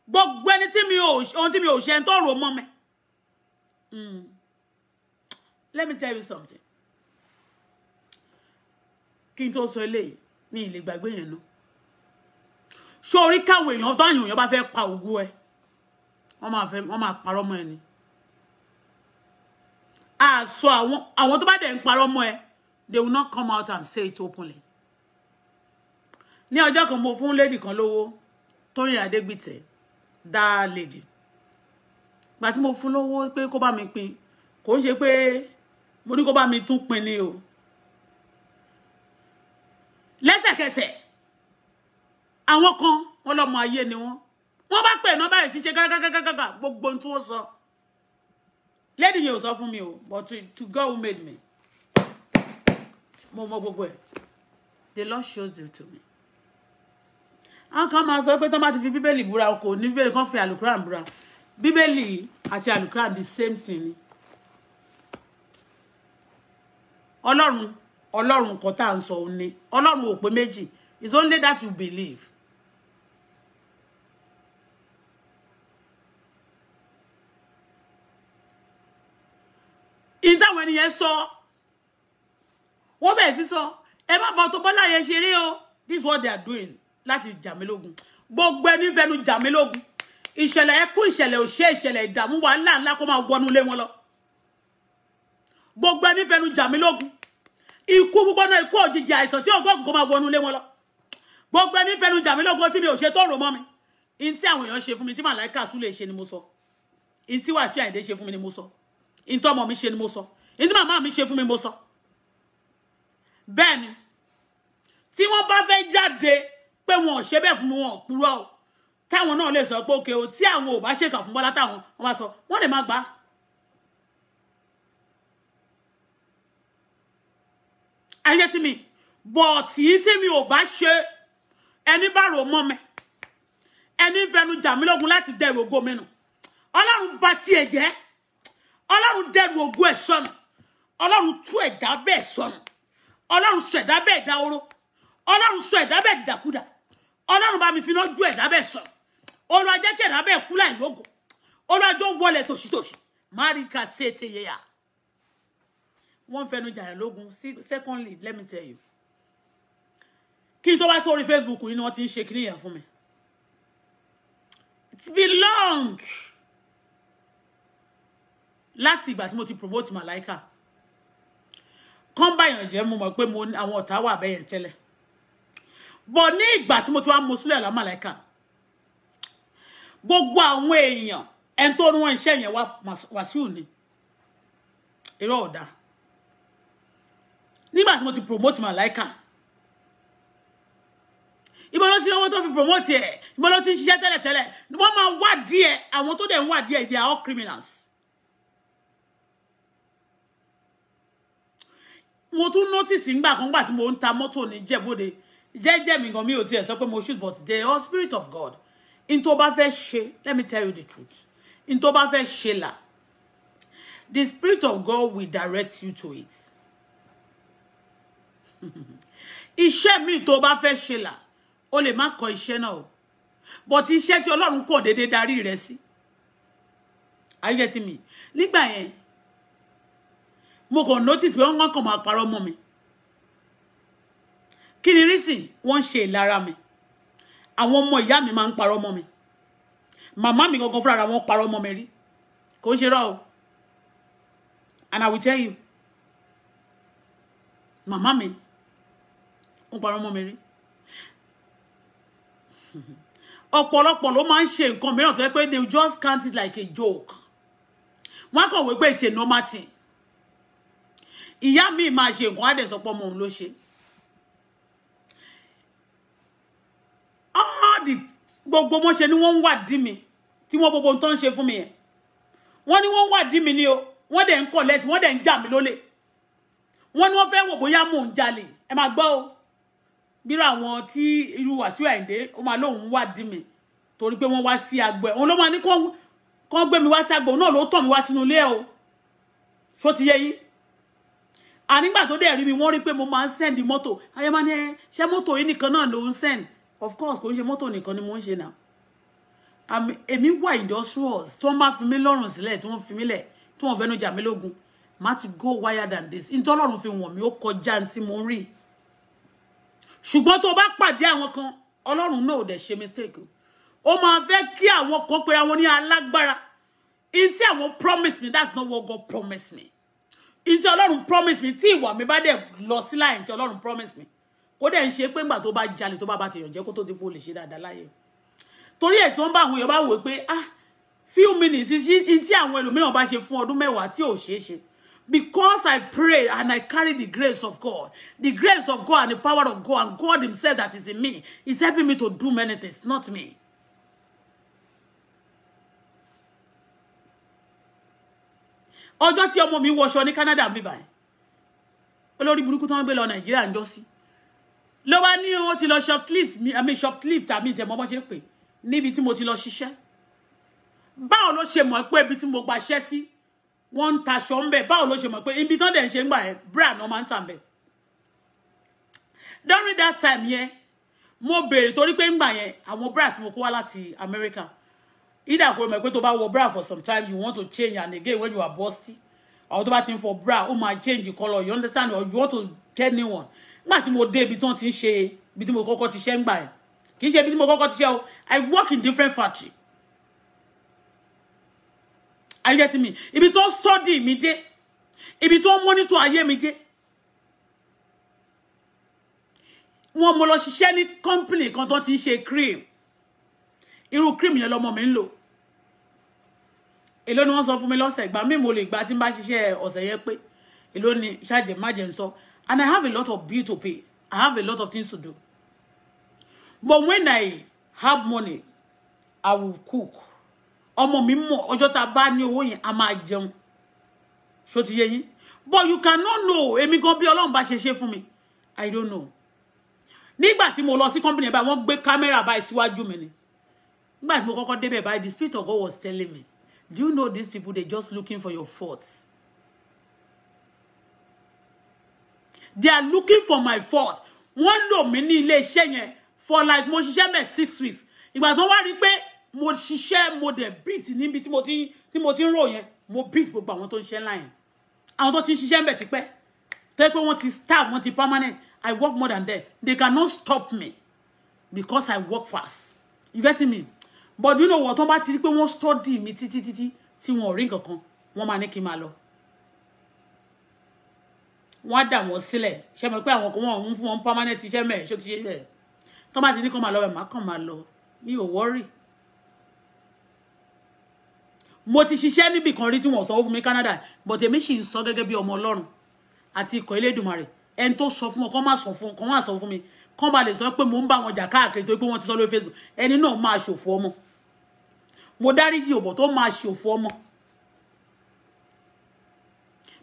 Speaker 1: gbogbo ẹni tí mi ò ohun tí mi ò ṣe ẹni tó rò mọ́ mi. Hmm. Let me tell you something kí n tó sọ eléyìí mi ì lè gbàgbé yẹn náà ṣé orí káwọn èèyàn tó àyàn èèyàn bá fẹ́ pa ògo ẹ wọ́n máa fẹ́ wọ́n máa parọ́ mọ́ ẹ ni àṣọ àwọn àwọn tó bá dẹ̀ ń parọ́ mọ́ ẹ they will not come out and say it openly ní ọjọ́ kan mo fún lady kan lówó Tóyìn Adégbìtẹ́ that lady gbà tí mo fún lówó pé kó bá mi pín kò ń ṣe pé mo ní kó bá mi tún pín ni o lẹ́sẹ̀kẹsẹ̀ àwọn kan wọn lọ́mọ ayé ni wọ́n wọ́n bá pè náà báyìí ṣíṣe gágágágágá gbogbo ohun tí wọ́n sọ lady yẹn ò sọ fún mi o but to, God who made me mo mọ gbogbo ẹ̀ the Lord shows you to me àwọn kan máa sọ pé tó bá ti fi bíbélì búra o kò ní bíbélì kan fi àlùkùrán búra bíbélì àti àlùkùrán the same thing ni ọlọ́run ọlọ́run kan tá à ń sọ òun ni ọlọ́run ò pé méjì it's only that you believe. in táwọn ènìyàn sọ wọ́n bẹ̀rẹ̀ sí sọ ẹ má bọ́ tó bọ́lá yẹn ṣeré o this is what they are doing láti jàmílógún gbogbo ẹni fẹnu jàmílógún ìṣẹ̀lẹ̀ ẹkú ìṣẹ̀lẹ̀ òṣè ìṣẹ̀lẹ̀ ìdààmú wàhálà ńlá kó máa wọnú ilé wọn lọ gbogbo ẹni fẹnu jàmílógún ikú púpọ̀ náà ikú òjijì àìsàn tí ọgọ́gùn kó máa wọnú ilé wọn lọ gbogbo ẹni fẹnu jà mí lọ́gbọ́n tí mi ò ṣe tọrọ mọ́ mi in tí àwọn èèyàn ṣe fún mi tí màláìka sùn lè ṣe ni mo sọ in tí wàásù àìdè ṣe fún mi ni mo sọ in tí ọmọ mi ṣe ni mo sọ in tí màmá mi ṣe fún mi mo sọ bẹ́ẹ̀ ni tí wọ́n bá fẹ́ jáde pé wọn ò ṣe bẹ́ẹ̀ fún mi wọn ò purọ́ o táwọn náà lè sọ pé òkè o tí àwọn ò bá ṣèkà fún bọ́lá táwọn wọn bá sọ wọ́n lè má gbà ẹ yẹ mi bọ̀ tí tí mi ò bá ṣe ẹni bá rò mọ́ mi ẹni fẹnu jà mí lógun láti dẹrù ògo mi nù ọlọ́run bà tiẹ̀ jẹ́ ọlọ́run dẹrù ògo ẹ̀ sọnù ọlọ́run tú ẹ̀dá bẹ́ẹ̀ sọnù ọlọ́run sọ ẹ̀dá bẹ́ẹ̀ dá oró ọlọ́run sọ ẹ̀dá bẹ́ẹ̀ dìdàkudà ọlọ́run bá mi fi iná ju ẹ̀dá bẹ́ẹ̀ sọnù olùwàjẹ́kẹ̀ ẹ̀dá bẹ́ẹ̀ kú láì lógo olùwàjọ́ wọlé tòṣítòṣì má rí ká sí ètè yẹyà wọ́n fẹnu jàyàn lógun secondly let me tell you kí n tó wá sórí facebook yìí ni wọ́n ti ń ṣe kíní yẹn fún mi it's been long láti ìgbà tí mo ti promote Malaika kán báyàn jẹ́ mo mọ̀ pé àwọn ọ̀tá wà bẹ́yẹn tẹ́lẹ̀ bọ̀ ní ìgbà tí mo ti wá mo sílẹ̀ lá Malaika gbogbo àwọn èèyàn ẹni tó rún iṣẹ́ yẹn wá Wàsíù ni irọ́ ọ̀dà nígbà tí mo ti promote Màláìkà ibo ló ti lọ́wọ́ tó fi promote ẹ̀ ibo ló ti ń ṣiṣẹ́ tẹ́lẹ̀tẹ́lẹ̀ wọ́n máa wádìí ẹ̀ àwọn tó dẹ̀ ń wádìí ẹ̀ they are all criminals. mo tún notice ngbà kan gbà tí mo ń ta mọ́tò ní jẹ́bóde jẹ́jẹ́ mi gan mi ò tiẹ̀ sọ pé mo shoot but they are spirit of God in tó bá fẹ́ ṣe let me tell you the truth in tó bá fẹ́ ṣe là the spirit of God will direct you to it. iṣẹ́ míì tó bá fẹ́ ṣe là o lè má kọ iṣẹ́ náà o but iṣẹ́ tí Ọlọ́run kò déédéé darí rẹ sí are you getting me nígbà yẹn mo kàn notice pé wọ́n kàn máa parọ́ mọ́ mi kí ni rísì wọ́n ṣe ìlara mi àwọn ọmọ ìyá mi máa ń parọ́ mọ́ mi màmá mi gangan fúnra wọn parọ́ mọ́ mi rí kò ń ṣe rọ́ o and I will tell you màmá mi wọ́n parọ́ mọ́ mi rí ọ̀pọ̀lọpọ̀ ló máa ń ṣe nǹkan mìíràn tó yẹ pé they just count it like a joke wọ́n kàn wípé ìṣe normal thing ìyá mi máa ṣe nǹkan á dẹ̀ sọ pé ọmọ òun ló ṣe all the gbogbo wọn ṣe ni wọ́n ń wà dí mi tí wọ́n gbogbo tó ń ṣe fún mi yẹn wọ́n ní wọ́n ń wà dí mi ni o wọ́n dẹ̀ ń collect wọ́n dẹ̀ ń jà mí lólè wọ́n ní wọ́n fẹ́ wò bóyá mò ń jalè ẹ máa gbọ́ o bírò àwọn tí irú Wàsíù Àyìndé ó máa lóun wádìí mi torí pé wọ́n wá sí agbo ẹ̀ òun ló máa ní kán gbé mi wá sí agbo náà ló tàn mí wá sínú ilé ẹ̀ o ṣó ti yé yín ànígbà tó dẹ̀ rí mi wọ́n rí pé mo máa ń send mọ́tò ayọ́mọ́ ni ẹ ṣé mọ́tò yìí nìkan náà ló ń send of course kò ń ṣe mọ́tò nìkan ni mo ń ṣe náà èmi wà industrials tí wọ́n máa fi mí lọ́rùn sílẹ̀ tí wọ́n fi mí lẹ̀ tí wọ́n fẹ́nu jà mí má ti go wider than this ntọ́lọ́run fi wọ̀n mi ó kọjá tí mo rí i ṣùgbọ́n tó bá pàdé àwọn kan ọlọ́run náà ò dẹ̀ ṣe mistake ó máa fẹ́ kí àwọn kan pé àwọn ní alágbára in tí àwọn promise me that's not what God promise me in tí ọlọ́run promise me tí ìwà mi bá dẹ̀ lọ sí láì tí ọlọ́run promise me kó dẹ̀ ń ṣe pé ńgbà tó bá jalè tó bá bá tèèyàn jẹ́ kó tó ti kó lè ṣe dáadáa láyé torí ẹ̀ tí wọ́n bá àwọn èèyàn bá wò pé ah few minutes in tí àwọn ẹlòmíràn bá ṣe fún ọdún mẹ́wàá tí ò ṣeé ṣe Because I prayed and I carried the grace of God, the grace of God and the power of God, and God Himself that is in me is helping me to do many things, not me. ọjọ́ tí ọmọ mi wọṣọ ní Canada bí báyìí olórí burúkú tó ń gbé lọ Nàìjíríà ń jọ sí ló bá ní owó ti lọ shop clips àmì shop clips àmì ìtẹ̀mọ́ bọ́ ṣe pè níbi tí mo ti lọ ṣiṣẹ́ báwo ló ṣe mọ̀ pé ibi tí mo gbaṣẹ́ sí wọ́n ń taṣọ ń bẹ̀ báwo ló ṣe mọ̀ pé ibi tán dẹ̀ ń ṣe ń gbà ẹ́ bra náà máa ń tà ń bẹ̀. during that time yẹn mo béèrè torí pé ń gbà yẹn àwọn bra tí mo kó wá láti America either kò mọ̀ pé tó bá wọ bra for some time you want to change and again when you are busty àwọn tó bá ti ń fọ bra ó máa change colour you understand or you want to get new one nígbà tí mo dé ibi tí wọ́n ti ń ṣe ibi tí mo kọ́kọ́ ti ṣe ń gbà yẹn kì í ṣe ibi tí mo kọ́kọ́ ti ṣe o I work in different factory are you getting me ibi tó study mi dé ibi tó monitor ayé mi dé wọn mo lọ ṣiṣẹ́ ní company kan tó ti ń ṣe cream irú cream yẹn lọmọ mi ń lò èló ni wọ́n sọ fún mi lọ́sẹ̀ ìgbà mi mo lè gba tí n bá ṣiṣẹ́ ọ̀sẹ̀ yẹn pé ni ṣáàjẹ májẹ ń and I have a lot of bills to pay I have a lot of things to do but when I have money I will cook ọmọ mi mọ̀ ọjọ́ tá a bá ní owó a máa jẹun ṣó ti yé yín but you cannot know èmi gan bí ọlọ́run bá ṣe ṣe fún mi i don't know nígbà tí mo lọ sí company ba wọ́n gbé camera ba síwájú mi ni nígbà tí mo kọ́kọ́ débẹ̀ ba the spirit of God was telling me do you know these people they just looking for your faults they are looking for my fault wọ́n lò mí ní ilé iṣẹ́ yẹn for like mo ṣiṣẹ́ bẹ̀ six weeks ìgbà tó wá rí pé mo ṣiṣẹ́ mo dẹ̀ beat níbi tí mo ti tí mo ti ń rò yẹn mo beat gbogbo àwọn tó ń ṣe ńlá yẹn àwọn tó ti ń ṣiṣẹ́ ń bẹ̀ tipẹ́ tẹ́ pé wọ́n ti staff wọ́n ti permanent I work more than them they cannot stop me because I work fast you get me but you know what wọ́n bá ti rí pé wọ́n study mi títí títí tí wọn ò rí nǹkan kan wọ́n máa ní kí n máa lọ wọ́n á dà wọ́n sílẹ̀ ṣe mọ̀ pé àwọn kan wọ́n fún wọn permanent iṣẹ́ mẹ́ẹ̀ ṣó ti ṣe bẹ́ẹ̀ tó bá ti ní kó máa lọ ẹ̀ má kàn máa lọ mi ò worry mo ti ṣiṣẹ́ níbì kan rí tí wọ́n sọ fún mi Canada but èmi sì ń sọ gẹ́gẹ́ bí ọmọ Ọlọ́run àti ikọ̀ Elédùmarè ẹni tó sọ fún wọn kán má sọ fún kán má sọ fún mi kán ba lè sọ pé mò ń bá wọn jà káàkiri tó pé wọ́n ti sọ lórí Facebook ẹni náà máa ṣòfò ọmọ mo dáríjì òbò tó máa ṣòfò ọmọ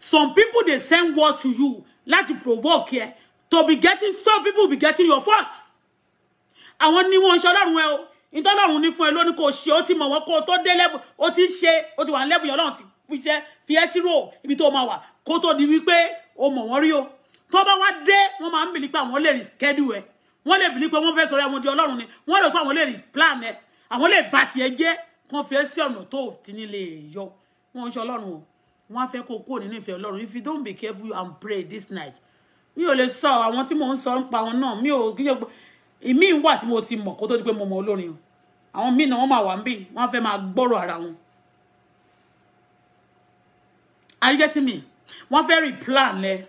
Speaker 1: some people dey send words to you láti provoke ẹ to be getting some people be getting your fault àwọn ni wọn ń ṣe Ọlọ́run ẹ o ìtọ́lọ́run ní fún ẹ lónìí kò ṣe ó ti mọ̀ wọ́n kó o tó dé lẹ́bù ó ti ń ṣe ó ti wà ní lẹ́bù yẹn ọlọ́run ti iṣẹ́ fi ẹ́ sírò ibi tó máa wà kó tó di wípé o mọ̀ wọ́n rí o tó bá wá dé wọ́n máa ń bìlí pé àwọn lè rí kẹ́dù ẹ wọ́n lè bìlí pé wọ́n fẹ́ sọ̀rọ̀ ẹ̀wọ̀n di ọlọ́run ni wọ́n lè pé àwọn lè rí plan ẹ àwọn lè bá tiẹ̀ jẹ́ kán fi ẹ́ sí ọ̀nà tó ti ní lè yọ wọ́n ń ṣe ọlọ́run o wọ́n á fẹ́ kó kúrò nínú ìfẹ́ ọlọ́run if you don't be careful and pray this night mi ò lè sọ àwọn tí mò ń sọ ń pa wọn náà mi ò kí ṣe ìmí wà tí mo ti mọ̀ kó tó di pé mo mọ̀ olórin o àwọn míì náà wọ́n máa wà ń bì wọ́n fẹ́ máa ara wọn are you getting me wọ́n fẹ́ plan lẹ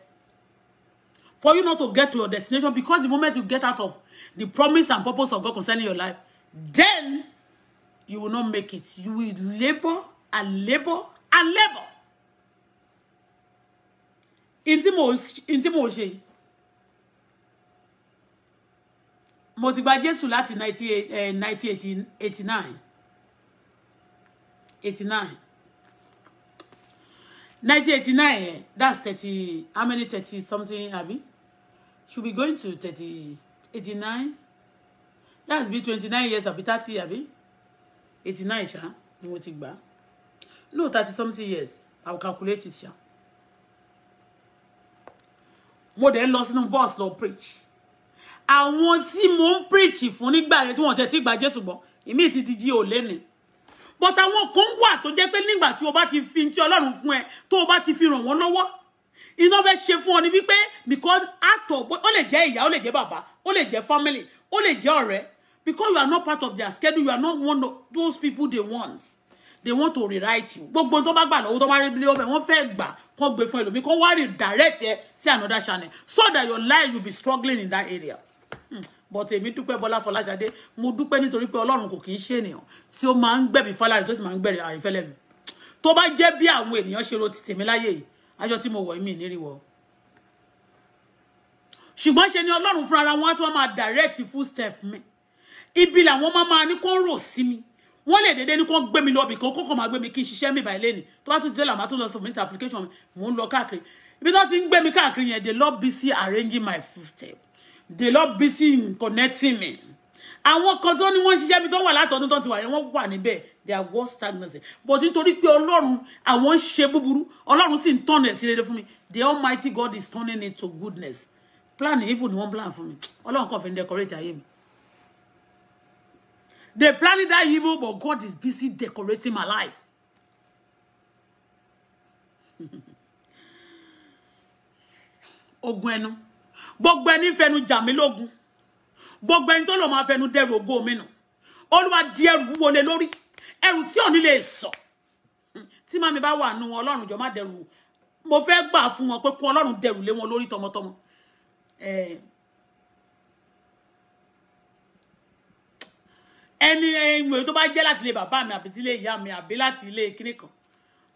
Speaker 1: for you not to get to your destination because the moment you get out of the promise and purpose of God concerning your life then you will not make it you will labor and labor and labor. in tí mo in tí mo ṣe mo ti gba Jésù láti nineteen eighty nine eighty that's 30. how many 30 something abi should be going to 30, 89. that's be 29 years abi thirty abi eighty nine ṣá ni mo ti gbà no 30 something years I'll calculate it ṣá mo dẹ̀ lọ sínú bus lọ preach àwọn tí mo ń preach fún nígbà yẹn tí wọ́n tẹ̀ tí gba Jésù gbọ́ ìmí ti di jí ò lẹ́ni but àwọn kan wà tó jẹ́ pé nígbà tí o bá ti fi ti Ọlọ́run fún ẹ tó o bá ti fi ràn wọ́n lọ́wọ́ iná fẹ́ ṣe fún ọ ni wípé because àtọ̀ pé ó lè jẹ́ ìyá ó lè jẹ́ bàbá ó lè jẹ́ family ó lè jẹ́ ọ̀rẹ́ because you are not part of their schedule you are not one of those people they want they want to rewrite you gbogbo tó bá gbà lọ́wọ́ tó bá rí bí ọbẹ̀ wọ́n fẹ́ gbà kó gbé fún ẹlòmíì kó wá redirect ẹ sí another channel so that your life you be struggling in that area but èmi dúpẹ́ Bọ́lá Fọláṣadé mo dúpẹ́ nítorí pé Ọlọ́run kò kì í ṣe ènìyàn tí ó máa ń gbẹ̀bí fálárì tó sì máa ń gbẹ̀rẹ̀ àrífẹ́lẹ́ mi tó bá jẹ́ bí àwọn ènìyàn ṣe ro ti tèmi láyé yìí aṣọ tí mo wọ̀ mí níriwọ̀ ṣùgbọ́n ṣe ni Ọlọ́run fúnra ara wọn á tún máa direct full step mi ibi làwọn máa máa ní kó rò sí mi wọ́n lè dédé ní kó gbé mi lọ bì kan kókò máa gbé mi kí n ṣiṣẹ́ mi báyìí lẹ́nìí tó bá tún ti dé làmá tó lọ submit application mi mò ń lọ káàkiri ibi tó ti ń gbé mi káàkiri yẹn dey lọ busy arranging my full step the Lord busy in connecting me àwọn kan tó ní wọ́n ṣiṣẹ́ bí tó wà látọ̀dún tó ti wà yẹn wọ́n wà níbẹ̀ they are world stagnancy but nítorí pé ọlọ́run àwọn ń ṣe búburú ọlọ́run sì ń tọ̀nà sí rere fún mi the almighty God is turning it to goodness plan evil ni wọ́n plan fún mi ọlọ́run kàn fi ń decorate ayé mi they it that evil but God is busy decorating my life. ogun ẹnu gbogbo ẹni fẹnu jà mí lógun gbogbo ẹni tó lò máa fẹnu dẹrù ògo mi nù olúwa di ẹrù wọlé lórí ẹrù tí òní lè sọ tí màmí bá wà nù ọlọ́run jọ má dẹrù mo fẹ́ gbà fún wọn pé kún ọlọ́run dẹrù lé wọn lórí tọmọtọmọ ẹni ìwé tó bá jẹ́ láti ilé bàbá mi àbí tí ilé ìyá mi àbí láti ilé kíní kan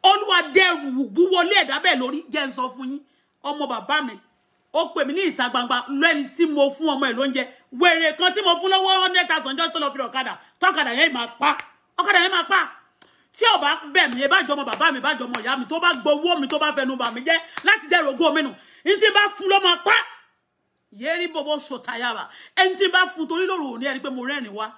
Speaker 1: olúwa dẹrù wọlé ẹ̀dá bẹ́ẹ̀ lórí jẹ́ ń sọ fún yín ọmọ bàbá mi ó pè mí ní ìta gbangba lẹ́ni tí mo fún ọmọ ẹ̀ lóúnjẹ wèrè kan tí mo fún lọ́wọ́ hundred thousand just lọ fi ọ̀kadà tọ́kadà yẹn máa pa ọ̀kadà yẹn máa pa tí ò bá bẹ̀ mí ẹ bá jọmọ bàbá mi bá jọmọ ìyá mi tó bá gbowó mi tó bá fẹnu bà mí jẹ́ láti dẹ́rù ogún omi nù ní tí bá fún lọ́mọ pa yéèrí bòbò sọtayaba ẹni tí bá fún torí lóru òní ẹni pé mo rẹ́rìn wá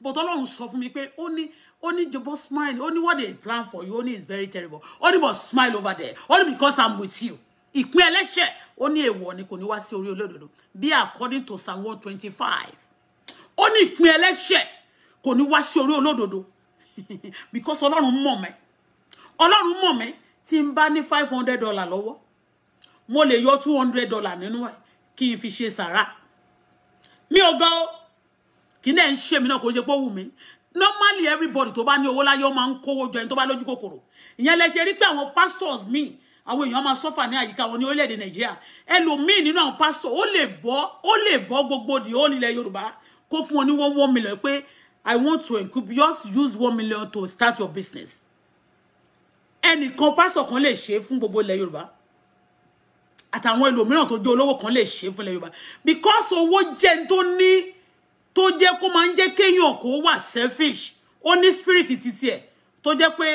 Speaker 1: but Ọlọ́run sọ fún mi pé ó ní ó ní jọ̀bọ́ smile ó ní what they plan for you ó ní is very terrible ó ní but smile over there ó ní because I'm with you ìpín ẹlẹ́ṣẹ̀ ó ní èèwọ̀ ni kò ní wá sí orí olódodo bí according to psalm one twenty five ó ní ìpín ẹlẹ́ṣẹ̀ kò ní wá sí orí olódodo because ọlọ́run mọ̀ mẹ́ ọlọ́run mọ̀ mẹ́ tí n bá ní five hundred dollar lọ́wọ́ mo lè yọ two hundred dollar nínú ẹ̀ kí n fi ṣe sàrà mi ò gbọ́ kí náà ń ṣe mi náà kò ṣe pé ó wù mí normally everybody tó bá ní owó láyé ó máa ń kówó jọ ẹni tó bá lójú kòkòrò ìyẹn lè ṣe rí pé àwọn pastors míì àwọn èèyàn máa sọ́fà ní àyíká wọn ní orílẹ̀-èdè nàìjíríà ẹlòmíì nínú àwọn pásítọ̀ ó lè bọ́ ó lè bọ́ gbogbo di ó nílẹ̀ yorùbá kó fún wọn ní one one million pé i want to include just use one million to start your business ẹnìkan pásítọ̀ kan lè ṣe fún gbogbo ilẹ̀ yorùbá àtàwọn ẹlòmíràn tó jẹ́ olówó kan lè ṣe fún ilẹ̀ yorùbá because owó jẹ́ tó ní tó jẹ́ kó máa ń jẹ́ kéèyàn kó wà selfish ó ní spirit títí ẹ̀ tó jẹ́ pé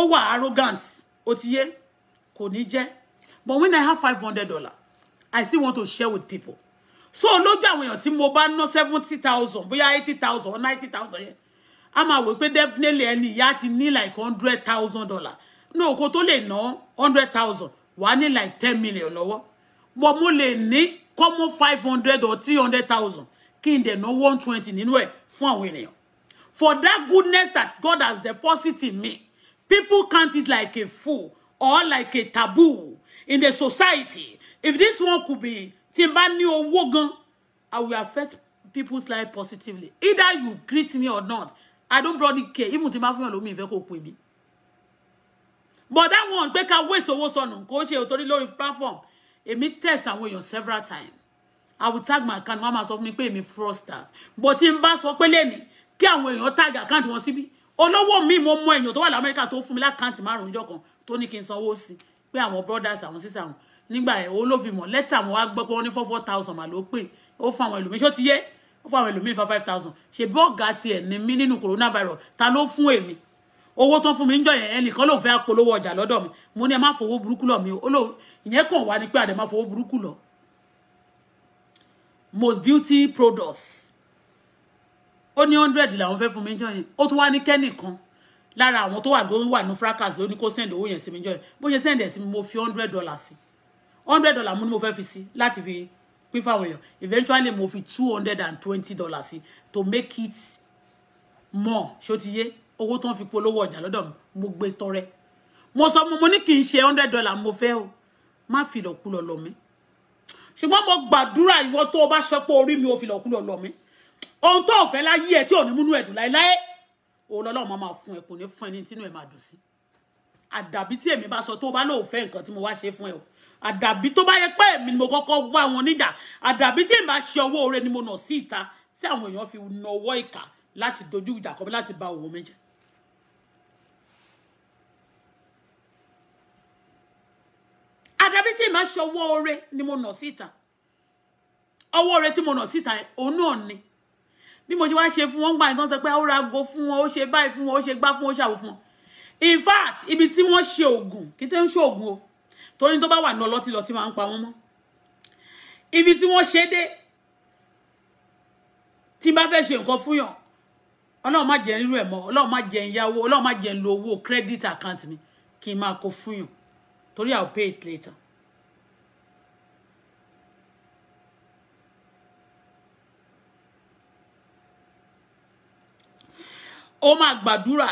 Speaker 1: ó wà arrogant Otiye, ti but when I have five hundred dollar I still want to share with people so no àwọn when your team bá ná seventy thousand bóyá eighty thousand or ninety thousand yẹn a máa wò pé definitely ẹni ìyá ti need like hundred thousand dollar no kó tó lè hundred thousand wà á like ten million what? but mo lè come common five hundred or three hundred thousand kí n dẹ̀ ná one twenty nínú ẹ̀ fún àwọn for that goodness that God has deposited in me. People count it like a fool or like a taboo in the society. If this one could be tí n bá I will affect people's life positively. Either you greet me or not. I don't bloody care. Even tí n bá fún yàn lómi ìfẹ́ kò But that one pé ká waste owó sọnù kò ṣe òtórí lórí platform. Èmi test àwọn èèyàn several times. I will tag my account. mamas of me pay me pé èmi But tí n bá sọ pé lẹ́nu kí àwọn èèyàn tag account wọn olówó mi mo mọ èèyàn tó wà lamẹ́ríkà tó fún mi lákàntì márùn-ún jọ kan tó ní kí n sanwó sí pé àwọn brothers àwọn sisters àwọn nígbà ẹ̀ owó ló fi mọ̀ lẹ́tà wọn wá gbọ́ pé wọ́n ní four four thousand mà ló pè ó fún àwọn ẹlòmíín ṣó ti yẹ ó fún àwọn ẹlòmíín fa five thousand ṣe bọ́ọ̀gà tiẹ̀ ní mí nínú coronavirus ta ló fún èmi owó tó ń fún mi ń jọ yẹn ẹnìkan ló fẹ́ polówó ọjà lọ́dọ̀ mi mo ní ẹ má fowó burúkú lọ mi ó lò ìyẹn kàn wá ní pé àdè má fowó burúkú lọ most beauty products ó ní hundred làwọn fẹ́ fún mi jọ yẹn ó tún wá ní kẹ́nìkan lára àwọn tó wà tó wà ní fracas ló ní kó send owó yẹn sí mi jọ yẹn bó ṣe send ẹ̀ sí mi mo fi hundred dollar sí hundred dollar mo ní mo fẹ́ fi sí láti fi pín fáwọn èèyàn eventually mo fi two hundred and twenty dollar sí to make it more ṣó ti yé owó tó ń fi polówó ọjà lọ́dọ̀ mi mo gbé tọrẹ mo sọ mo ní kì í ṣe hundred dollar mo fẹ́ o má fi lọ̀kulọ̀ lọ̀ mí ṣùgbọ́n mo gbàdúrà ìwọ tó o bá ṣọpọ̀ orí mi ò fi lọ̀kulọ̀ lọ̀ mí ohun tó fẹ́ láyé ẹ tí ò ní múnú ẹ̀dùn láéláé òun lọ́lọ́ máa máa fún ẹ kò ní fún ẹ ní tínú ẹ máa dùn sí àdàbí tí èmi bá sọ tó bá lóò fẹ́ nǹkan tí mo wá ṣe fún ẹ o àdàbí tó bá yẹ pé èmi ni mo kọ́kọ́ wá wọn níjà àdàbí tí èmi bá ṣe owó oore ni mo nà sí ìta tí àwọn èèyàn fi nawọ́ ìkà láti dojú ìjà kọ́ mi láti ba òwò mi àdàbí tí èmi bá ṣe owó oore ni mo nà sí ìta owó oore tí mo nà sí ìta òun náà ni bí mo ṣe wá ṣe fún wọn gbà nǹkan sọ pé ó ra ago fún wọn ó ṣe báyìí fún wọn ó ṣe gbá fún wọn ó ṣàwò fún wọn in fact ibi tí wọ́n ṣe oògùn kí tẹ́ ń ṣe oògùn o torí tó bá wà ní ọlọ́tí lọ́tí máa ń pa wọ́n mọ́ ibi tí wọ́n ṣe dé tí bá fẹ́ ṣe nǹkan fún yàn ọlọ́run má jẹ́ rírú ẹ̀ mọ́ ọlọ́run má jẹ́ ìyàwó ọlọ́run má jẹ́ lo owó credit account mi kí n máa kó fún yàn torí i will pay it later ó máa gbàdúrà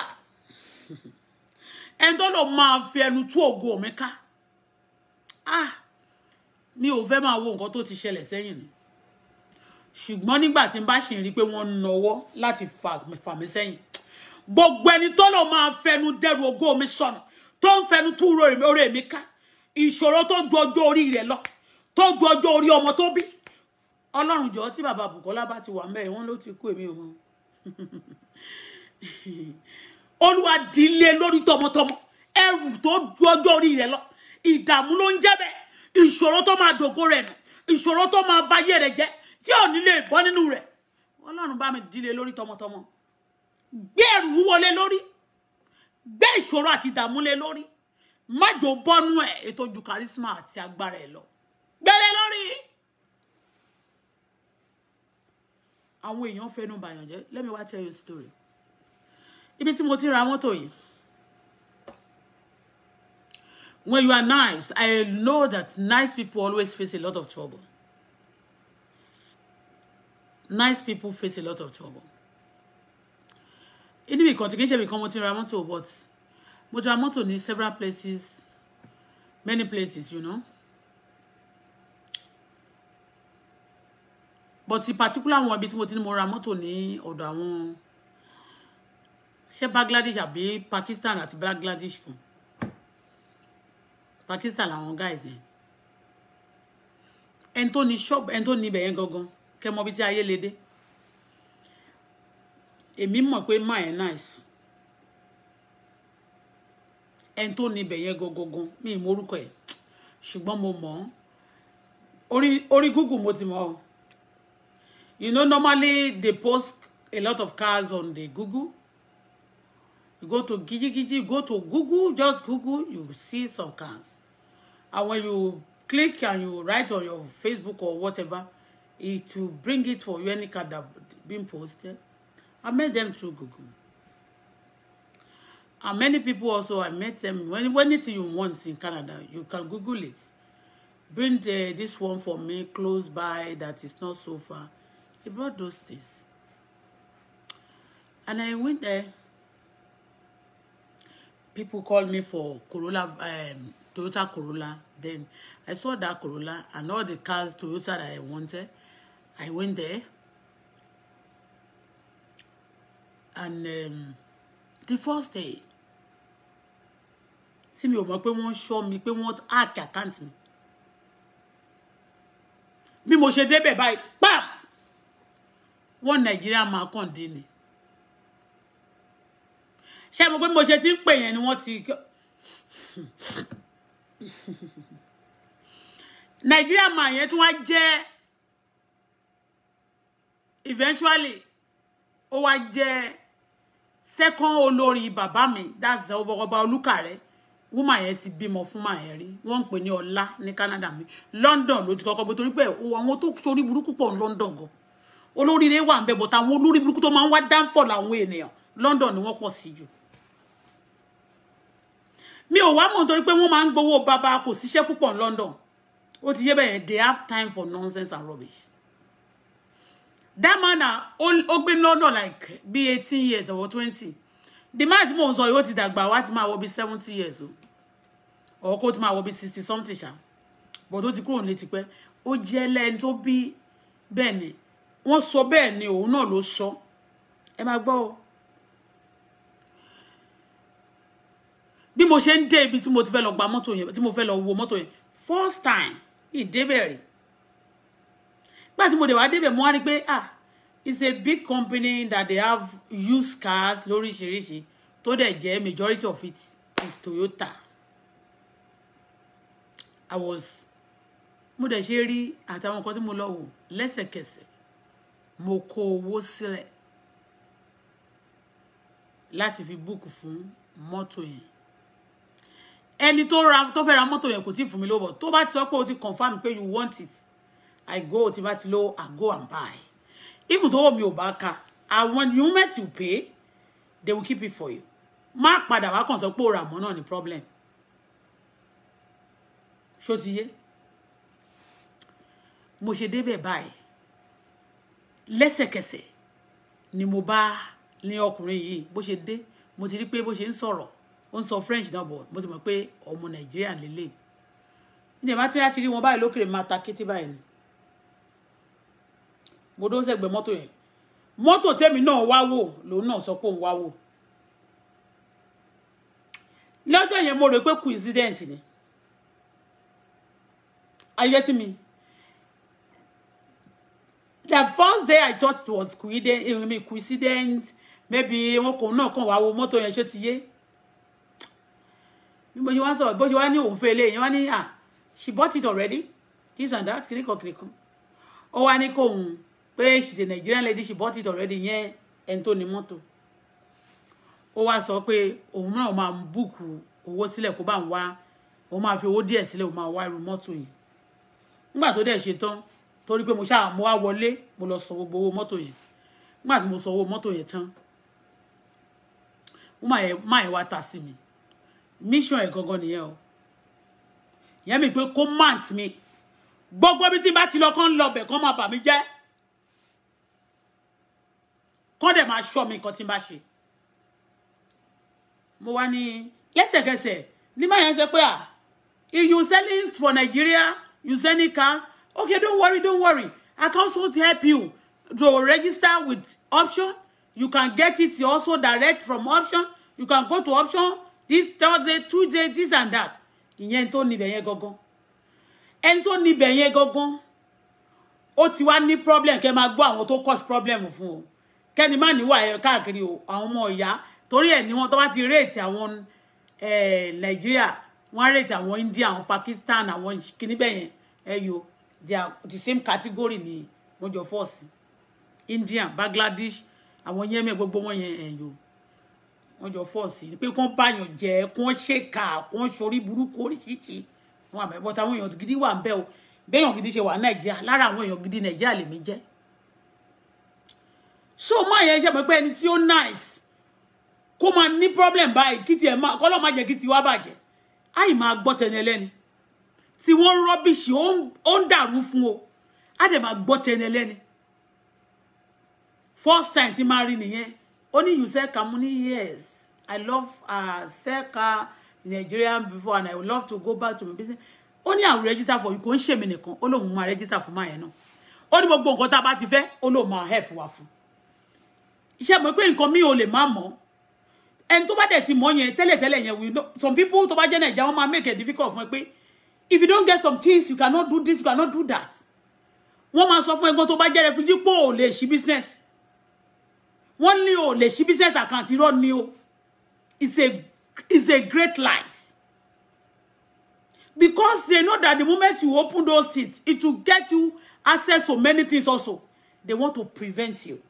Speaker 1: ẹni tó lò máa fi ẹnu tú ògo mi ká ah mi ò fẹ́ máa wo nǹkan tó ti ṣẹlẹ̀ sẹ́yìn ni ṣùgbọ́n nígbà tí n bá ṣì ń rí i pé wọ́n nọwọ́ láti fà mí sẹ́yìn gbogbo ẹni tó lò máa fẹnu dẹrù ògo mi sọnù tó ń fẹnu tú oore mi ká ìṣòro tó ju ọjọ́ orí rẹ̀ lọ tó ju ọjọ́ orí ọmọ tó bí ọlọ́run jọ̀ọ́ tí bàbá Bùkọ́lá bá ti wà mẹ́rin wọ́n ló ti kú èmi ò mọ̀ olúwa dílé lórí tọmọtọmọ ẹrù tó ju ọjọ́ orí rẹ lọ ìdààmú ló ń jẹ́ bẹ́ẹ̀ ìṣòro tó máa dògo rẹ̀ nù ìṣòro tó máa báyé rẹ̀ jẹ́ tí ò ní lè bọ́ nínú rẹ̀ ọlọ́run bá mi dílé lórí tọmọtọmọ gbé ẹrù wúwo lé lórí gbé ìṣòro àti ìdààmú lé lórí má jò bọ́nú ètò ju kàrísímà àti agbára ẹ̀ lọ gbélé lórí. àwọn èèyàn fẹnu bàyànjẹ́ let me wá tell you story ibi tí mo ti ra mọ́tò yìí. When you are nice, I know that nice people always face a lot of trouble. Nice people face a lot of trouble. Inú mi kàn ti kí n ṣe mi kan mo ti ra mọ́tò but mo ti ra mọ́tò ní several places many places you know. But in particular àwọn ibi tí mo ti ní mo ra mọ́tò ní ọ̀dọ̀ àwọn ṣé Bangladesh àbí Pakistan àti Bangladesh kan Pakistan làwọn guys yẹn ẹni tó ní shop ẹni tó ní ibẹ̀ yẹn gangan kẹ́ mọ bí tí ayé le dé èmi mọ̀ pé má nice ẹni tó ní ibẹ̀ yẹn gangan mi ì morúkọ ẹ̀ ṣùgbọ́n mo mọ̀ ọ́ orí Google mo ti mọ̀ ọ́ you know normally they post a lot of cars on the Google you go to gijigiji you go to google just google you see some cans and when you click and you write on your facebook or whatever it will bring it for you any card that been posted i met them through google and many people also i met them when anything you want in canada you can google it bring the, this one for me close by that is not so far he brought those things and i went there people called me for Corolla, um, Toyota Corolla. Then I saw that Corolla and all the cars Toyota that I wanted. I went there. And um, the first day, see me. ò mọ̀ pé wọ́n ṣọ́ mi pé wọ́n hack account mi. Bí mo ṣe débẹ̀ báyìí, pam! Wọ́n Nàìjíríà máa kàn dé ṣé mo pé mo ṣe ti ń pè yẹn ni wọ́n ti. nàìjíríà mà yẹn tí wọ́n jẹ́ eventually ó wá jẹ́ second olórí bàbá mi that's ọba olúkàrẹ́ wúmà yẹn ti bímọ fún mà yẹn rí wọ́n ń pè ní ọlá ní Canada mi London ló ti kọ́kọ́ bó torí pé àwọn tó sorí burúkú pọ̀ ní London gan olóríire wà ń bẹ bọ̀tà àwọn olórí burúkú tó máa ń wá dáńfọ̀ làwọn ènìyàn London ni wọ́n pọ̀ sí jù mi ò wá mọ̀ nítorí pé wọ́n máa ń gbowó bàbá kò síṣẹ́ púpọ̀ ní London ó ti yé bẹ́ẹ̀ they have time for nonsense and rubbish that man ó gbé London like be eighteen years or twenty the man tí mò ń sọ yìí ó ti dàgbà wá ti máa wọ bí seventy years o Or kó ti máa wọ bí sixty something ṣá but ó ti kúrò ní tipẹ́ ó jẹ́ lẹ́ni tó bí be ni wọ́n so bẹ́ẹ̀ ni òun náà ló sọ ẹ máa gbọ́ bí mo ṣe ń dé ibi tí mo ti fẹ́ lọ gba mọ́tò yẹn tí mo fẹ́ lọ wo mọ́tò yẹn first time ní débẹ̀ rí nígbà tí mo dé wá débẹ̀ mo wá rí pé ah it's a big company that they have used cars lóríṣiríṣi tó dẹ̀ jẹ́ majority of it is Toyota I was mo dẹ̀ ṣe rí àtàwọn nǹkan tí mo lọ wò lẹ́sẹ̀kẹsẹ̀ mo kó owó sílẹ̀ láti fi búùkù fún mọ́tò yẹn ẹni tó ra tó fẹ́ ra mọ́tò yẹn kò tí fún mi lówó tó bá ti sọ pé o ti confam pé you want it i go tí bá ti lo i go and buy even tówó mi ò bá ka àwọn the moment you pay they will keep it for you má padà wá kàn sọ pé o rà mọ́ náà ni problem ṣó ti yé mo ṣe débẹ̀ báyìí lẹ́sẹ̀kẹsẹ̀ ni mo bá ní ọkùnrin yìí bó ṣe dé mo ti rí pé bó ṣe ń sọ̀rọ̀ ó ń sọ french náà bọ̀ mo ti mọ̀ pé ọmọ nàìjíríà lélẹ̀ ní ìbá tí wọ́n ti rí wọn báyìí lókèrè máa ta kété báyìí ni mo dó sẹ́gbẹ̀ mọ́tò yẹn mọ́tò tẹ́mi náà wá wò lòun náà sọ pé òun wá wò lọ́jọ́ yẹn mo rò pé coincident ni ayé tí mi the first day I thought it was coincident maybe wọn kò náà kàn wá wo mọ́tò yẹn ṣé ti yé bí mo ṣe wá sọ̀rọ̀ bó ṣe wá ní òun fẹ́ eléyìí wá ní à ah, she bought it already this and that kìnìkan kìnìkan ó wá ní kó òun pé she is a Nigerian lady she bought it already yẹn ẹni tó ní mọ́tò ó wá sọ pé òun náà máa búùkù owó sílẹ̀ kó bá ń wá òun máa fi owó díẹ̀ sílẹ̀ òun máa wá irú mọ́tò yìí nígbà tó dẹ̀ ṣe tán torí pé mo ṣáà mo wá wọlé mo lọ sọ gbogbo owó mọ́tò yẹn nígbà tí mo sọ owó mọ́tò yẹn tán wọ́n máa yẹ wá tà sí mi mission ẹ̀ gangan nìyẹn o ìyẹn mi pé kó mount mi gbogbo ibi tí n bá ti lọ kán ń lọbẹ̀ kán máa bà mí jẹ́ kán dẹ̀ máa ṣọ́ mi nǹkan tí n bá ṣe mo wá ní lẹ́sẹ̀kẹsẹ̀ nígbà yẹn ṣe pé à ah, you selling for Nigeria you selling cars okay don't worry don't worry I can also help you to register with option you can get it also direct from option you can go to option this thursday tuesday this and that ìyẹn tó níbẹ̀ yẹn gangan ẹni tó níbẹ̀ yẹn gangan ó ti wá ní problem kẹ́ máa gbọ́ àwọn tó cause problem fún o kẹ́ni má níwà ẹ̀ káàkiri o àwọn ọmọ ìyá torí ẹ̀ ni wọ́n tó bá ti rate àwọn nàìjíríà wọ́n rate àwọn india àwọn pakistan àwọn kìíní bẹ́ẹ̀ yẹn ẹ̀yọ they are the same category ni wọ́n jọ force? india bangladesh àwọn yẹ́mẹ̀ gbogbo wọn yẹn ẹ̀yọ wọ́n jọ fọ́ọ̀sì pé kán báyàn jẹ́ kán ṣèkà kán ṣorí burúkú oríṣiríṣi wọn àbẹ̀ bọ́ta àwọn èèyàn gidi wà ń bẹ́ o béèyàn gidi ṣe wà nàìjíríà lára àwọn èèyàn gidi nàìjíríà lèmi jẹ́ so máa yẹn ṣe mọ̀ pé ẹni tí ó nice kó máa ní problem báyìí kí tiẹ̀ máa kọ́lọ́ máa jẹ́ kí tiwa bàjẹ́ àì máa gbọ́ tẹni ẹlẹ́ni tí wọ́n rọ́bìṣì ó ń dàrú fún o á máa gbọ́ tẹni ẹlẹ́ni first time tí máa rí nìyẹn Only you sell Kamuni yes i love uh, Seka Nigerian before and i would love to go back to my business Only ní àwọn register for kò ń ṣèmi nìkan ó lóun máa register for my. yẹn náà ó ní gbogbo nǹkan tá a bá ti fẹ́ ó help wa fún iṣẹ́ mọ̀ pé nǹkan mi ò lè má mọ̀ ẹni tó bá dẹ̀ ti mọ̀ yẹn tẹ́lẹ̀tẹ́lẹ̀ yẹn we know some people tó bá jẹ́ nàìjíríà wọ́n máa make it difficult fún ẹ if you don't get some things you cannot do this you cannot do that wọ́n máa sọ fún ẹgbọ́n tó bá jẹ́ refugee pé ò lè ṣí business wọ́n ní o lè ṣí business account irọ́ ni o it's a it's a great lies. because they know that the moment you open those things it will get you access to many things also they want to prevent you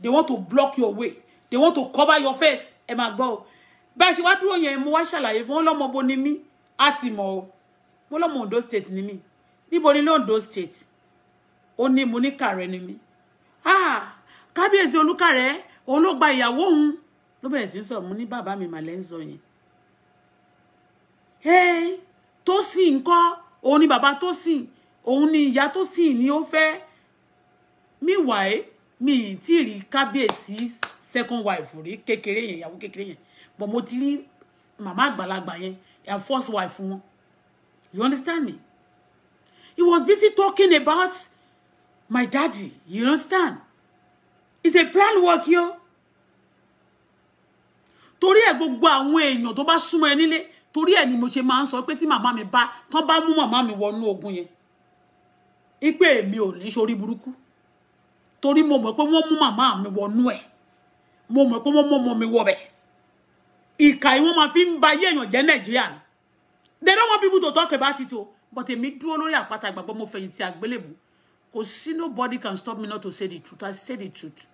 Speaker 1: they want to block your way they want to cover your face ẹ máa gbọ́ o bẹ́ẹ̀ ṣe wá dúró yẹn mo wá ṣàlàyé fún wọn lọ́mọ bo ni mí á ti mọ̀ o mo lọ́mọ Ondo state ni mí níbo ni ní Ondo state ó ní mo ní kàrẹ́ ni mí ah kábíyèsí olúkàrẹ́ òun ló gba ìyàwó òun ló bẹ̀rẹ̀ sí sọ mo ní bàbá mi màlẹ́ ń sọ yẹn tó sì ń kọ́ òun ni bàbá tó sì òun ni ìyá tó sì ni ó fẹ́ mi wàé mi ì tí ì rí kábíyèsí second wife rí kékeré yẹn ìyàwó kékeré yẹn but mo ti rí màmá àgbàlagbà yẹn ya first wife wọn you understand me he was busy talking about my daddy you understand it's a plan work yo torí ẹ gbogbo àwọn èèyàn tó bá súnmọ́ ẹ nílé torí ẹ ni mo ṣe máa ń sọ pé tí màmá mi bá tán bá mú màmá mi wọnú ogun yẹn ipe èmi ò ní sórí burúkú torí mo mọ̀ pé wọ́n mú màmá mi wọnú ẹ̀ mo mọ̀ pé wọ́n mú ọmọ mi wọbẹ̀ ìkà yìí wọ́n máa fi ń ba ayé èèyàn jẹ́ nàìjíríà ni they don't want people to talk about it o but èmi dúró lórí àpáta ìgbàgbọ́ mo fẹ̀yìntì àgbélébùú kò sí nobody can stop me not to say the truth I say the truth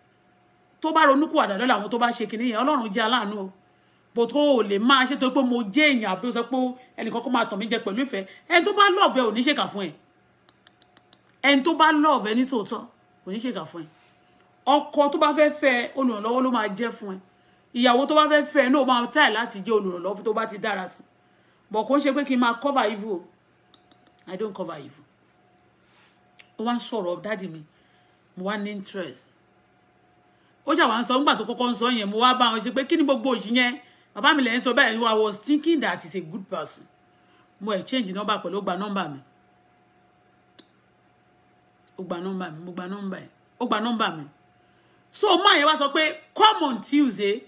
Speaker 1: tó bá ronú kù àdàdọ́ làwọn tó bá ṣe kinní yẹn ọlọ́run jẹ́ aláàánú o bó tó o lè máa ṣe tó pé mo jẹ́ èèyàn àbí o sọ pé ẹnìkan kó máa tàn mí jẹ pẹ̀lú ìfẹ́ ẹni tó bá love ẹ ò ní ṣèkà fún ẹ ẹni tó bá love ẹ ní tòótọ́ kò ní ṣèkà fún ẹ ọkọ tó bá fẹ́ fẹ́ olùrànlọ́wọ́ ló máa jẹ́ fún ẹ ìyàwó tó bá fẹ́ fẹ́ náà máa try láti jẹ́ olùrànlọ́wọ́ tó bá ti dára sí bọ̀ kó ń ṣe pé kí n máa cover evil o I don't cover evil ó wá ń sọ̀rọ̀ dáàdì mi mo wá ní interest ó jà wá ń sọ nígbà tó kọ́kọ́ ń sọ yẹn mo wá bá wọn ṣe pé kí ni gbogbo òṣì yẹn bàbá mi lẹ́yìn sọ bẹ́ẹ̀ I was thinking that he's a good person mo change number pẹ̀lú ó gba number mi ó gba number mi mo gba number ẹ̀ ó number mi so máa yẹn wá sọ pé come on Tuesday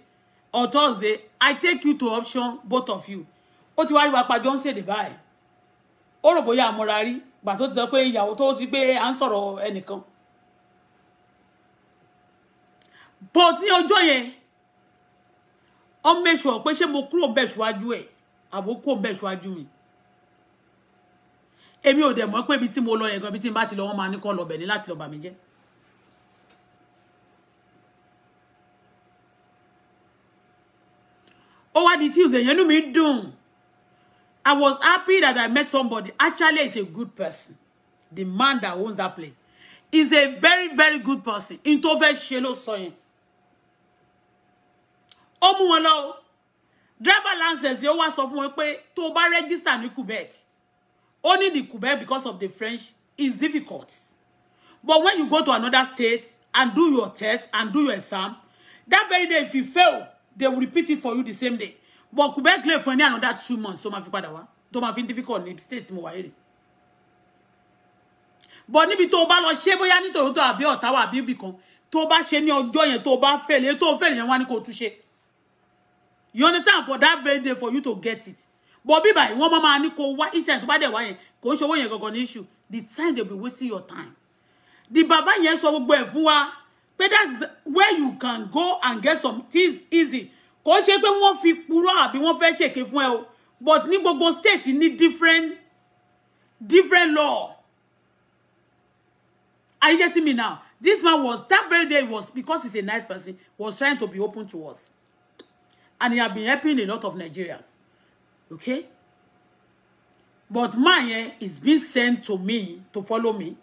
Speaker 1: or Thursday I take you to option both of you ó ti wá rí wa pàjọ́ ń ṣèdè báyìí ó rò bóyá àmọ́ra rí gbà tó ti sọ pé ìyàwó tó ti gbé à ń sọ̀rọ̀ ẹnìkan but ní ọjọ́ yẹn ó make sure pé ṣé mo kúrò bẹ̀ ṣíwájú ẹ̀ àbó kúrò bẹ̀ ṣíwájú mi èmi ò dẹ̀ mọ̀ pé ibi tí mo lọ yẹn gan ibi tí n bá ti lọ wọ́n máa ní kọ́ lọ́bẹ̀ ní láti lọ bà mí jẹ́. ó wá di Tuesday yẹn inú mi dùn I was happy that I met somebody. Actually, is a good person. The man that owns that place is a very, very good person. Introvert Shelo Soyin. Ó mú Driver license yóò wá sọ fún wọn pé tó register in Quebec. Only the Quebec because of the French is difficult. But when you go to another state and do your test and do your exam, that very day if you fail, they will repeat it for you the same day but kò bẹ́ẹ̀ clear fún ẹ another two months tó máa fi padà wá tó máa fi difficult ní state mo wà but níbi tó o bá lọ ṣe bóyá ní Toronto àbí Ottawa àbí ibì to tó o bá ṣe ní ọjọ́ yẹn tó o to fẹ̀lẹ̀ tó o fẹ̀lẹ̀ yẹn wá ní you understand for that very day for you to get it but bí báyìí wọ́n máa máa ní kó wá iṣẹ́ tó bá dẹ̀ wá yẹn kò ń ṣe owó yẹn issue the time they be wasting your time the Baba yẹn sọ gbogbo ẹ̀ fún wa pé that's where you can go and get some things easy kò ṣe pé wọ́n fi purọ́ àbí wọ́n fẹ́ ṣèké fún ẹ o but ní gbogbo state ní different different law are you getting me now this man was that very day was because he's a nice person was trying to be open to us and he had been helping a lot of Nigerians okay but man eh, is being sent to me to follow me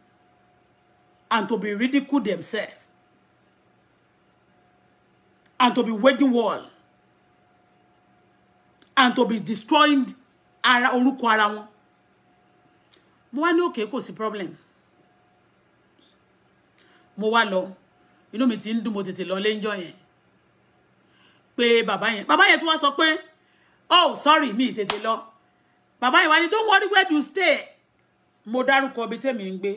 Speaker 1: and to be ridiculed themselves and to be waging war and to be destroying ara orúkọ ara wọn mo wá ní òkè kò sí problem mo wá lọ inú mi ti ń dùn mo tètè lọ léńjọ yẹn pé bàbá yẹn bàbá yẹn tún wá sọ pé oh sorry mi tete lo. bàbá yẹn wá ní don't worry where you stay mo dárúkọ ibi tèmi ń gbé.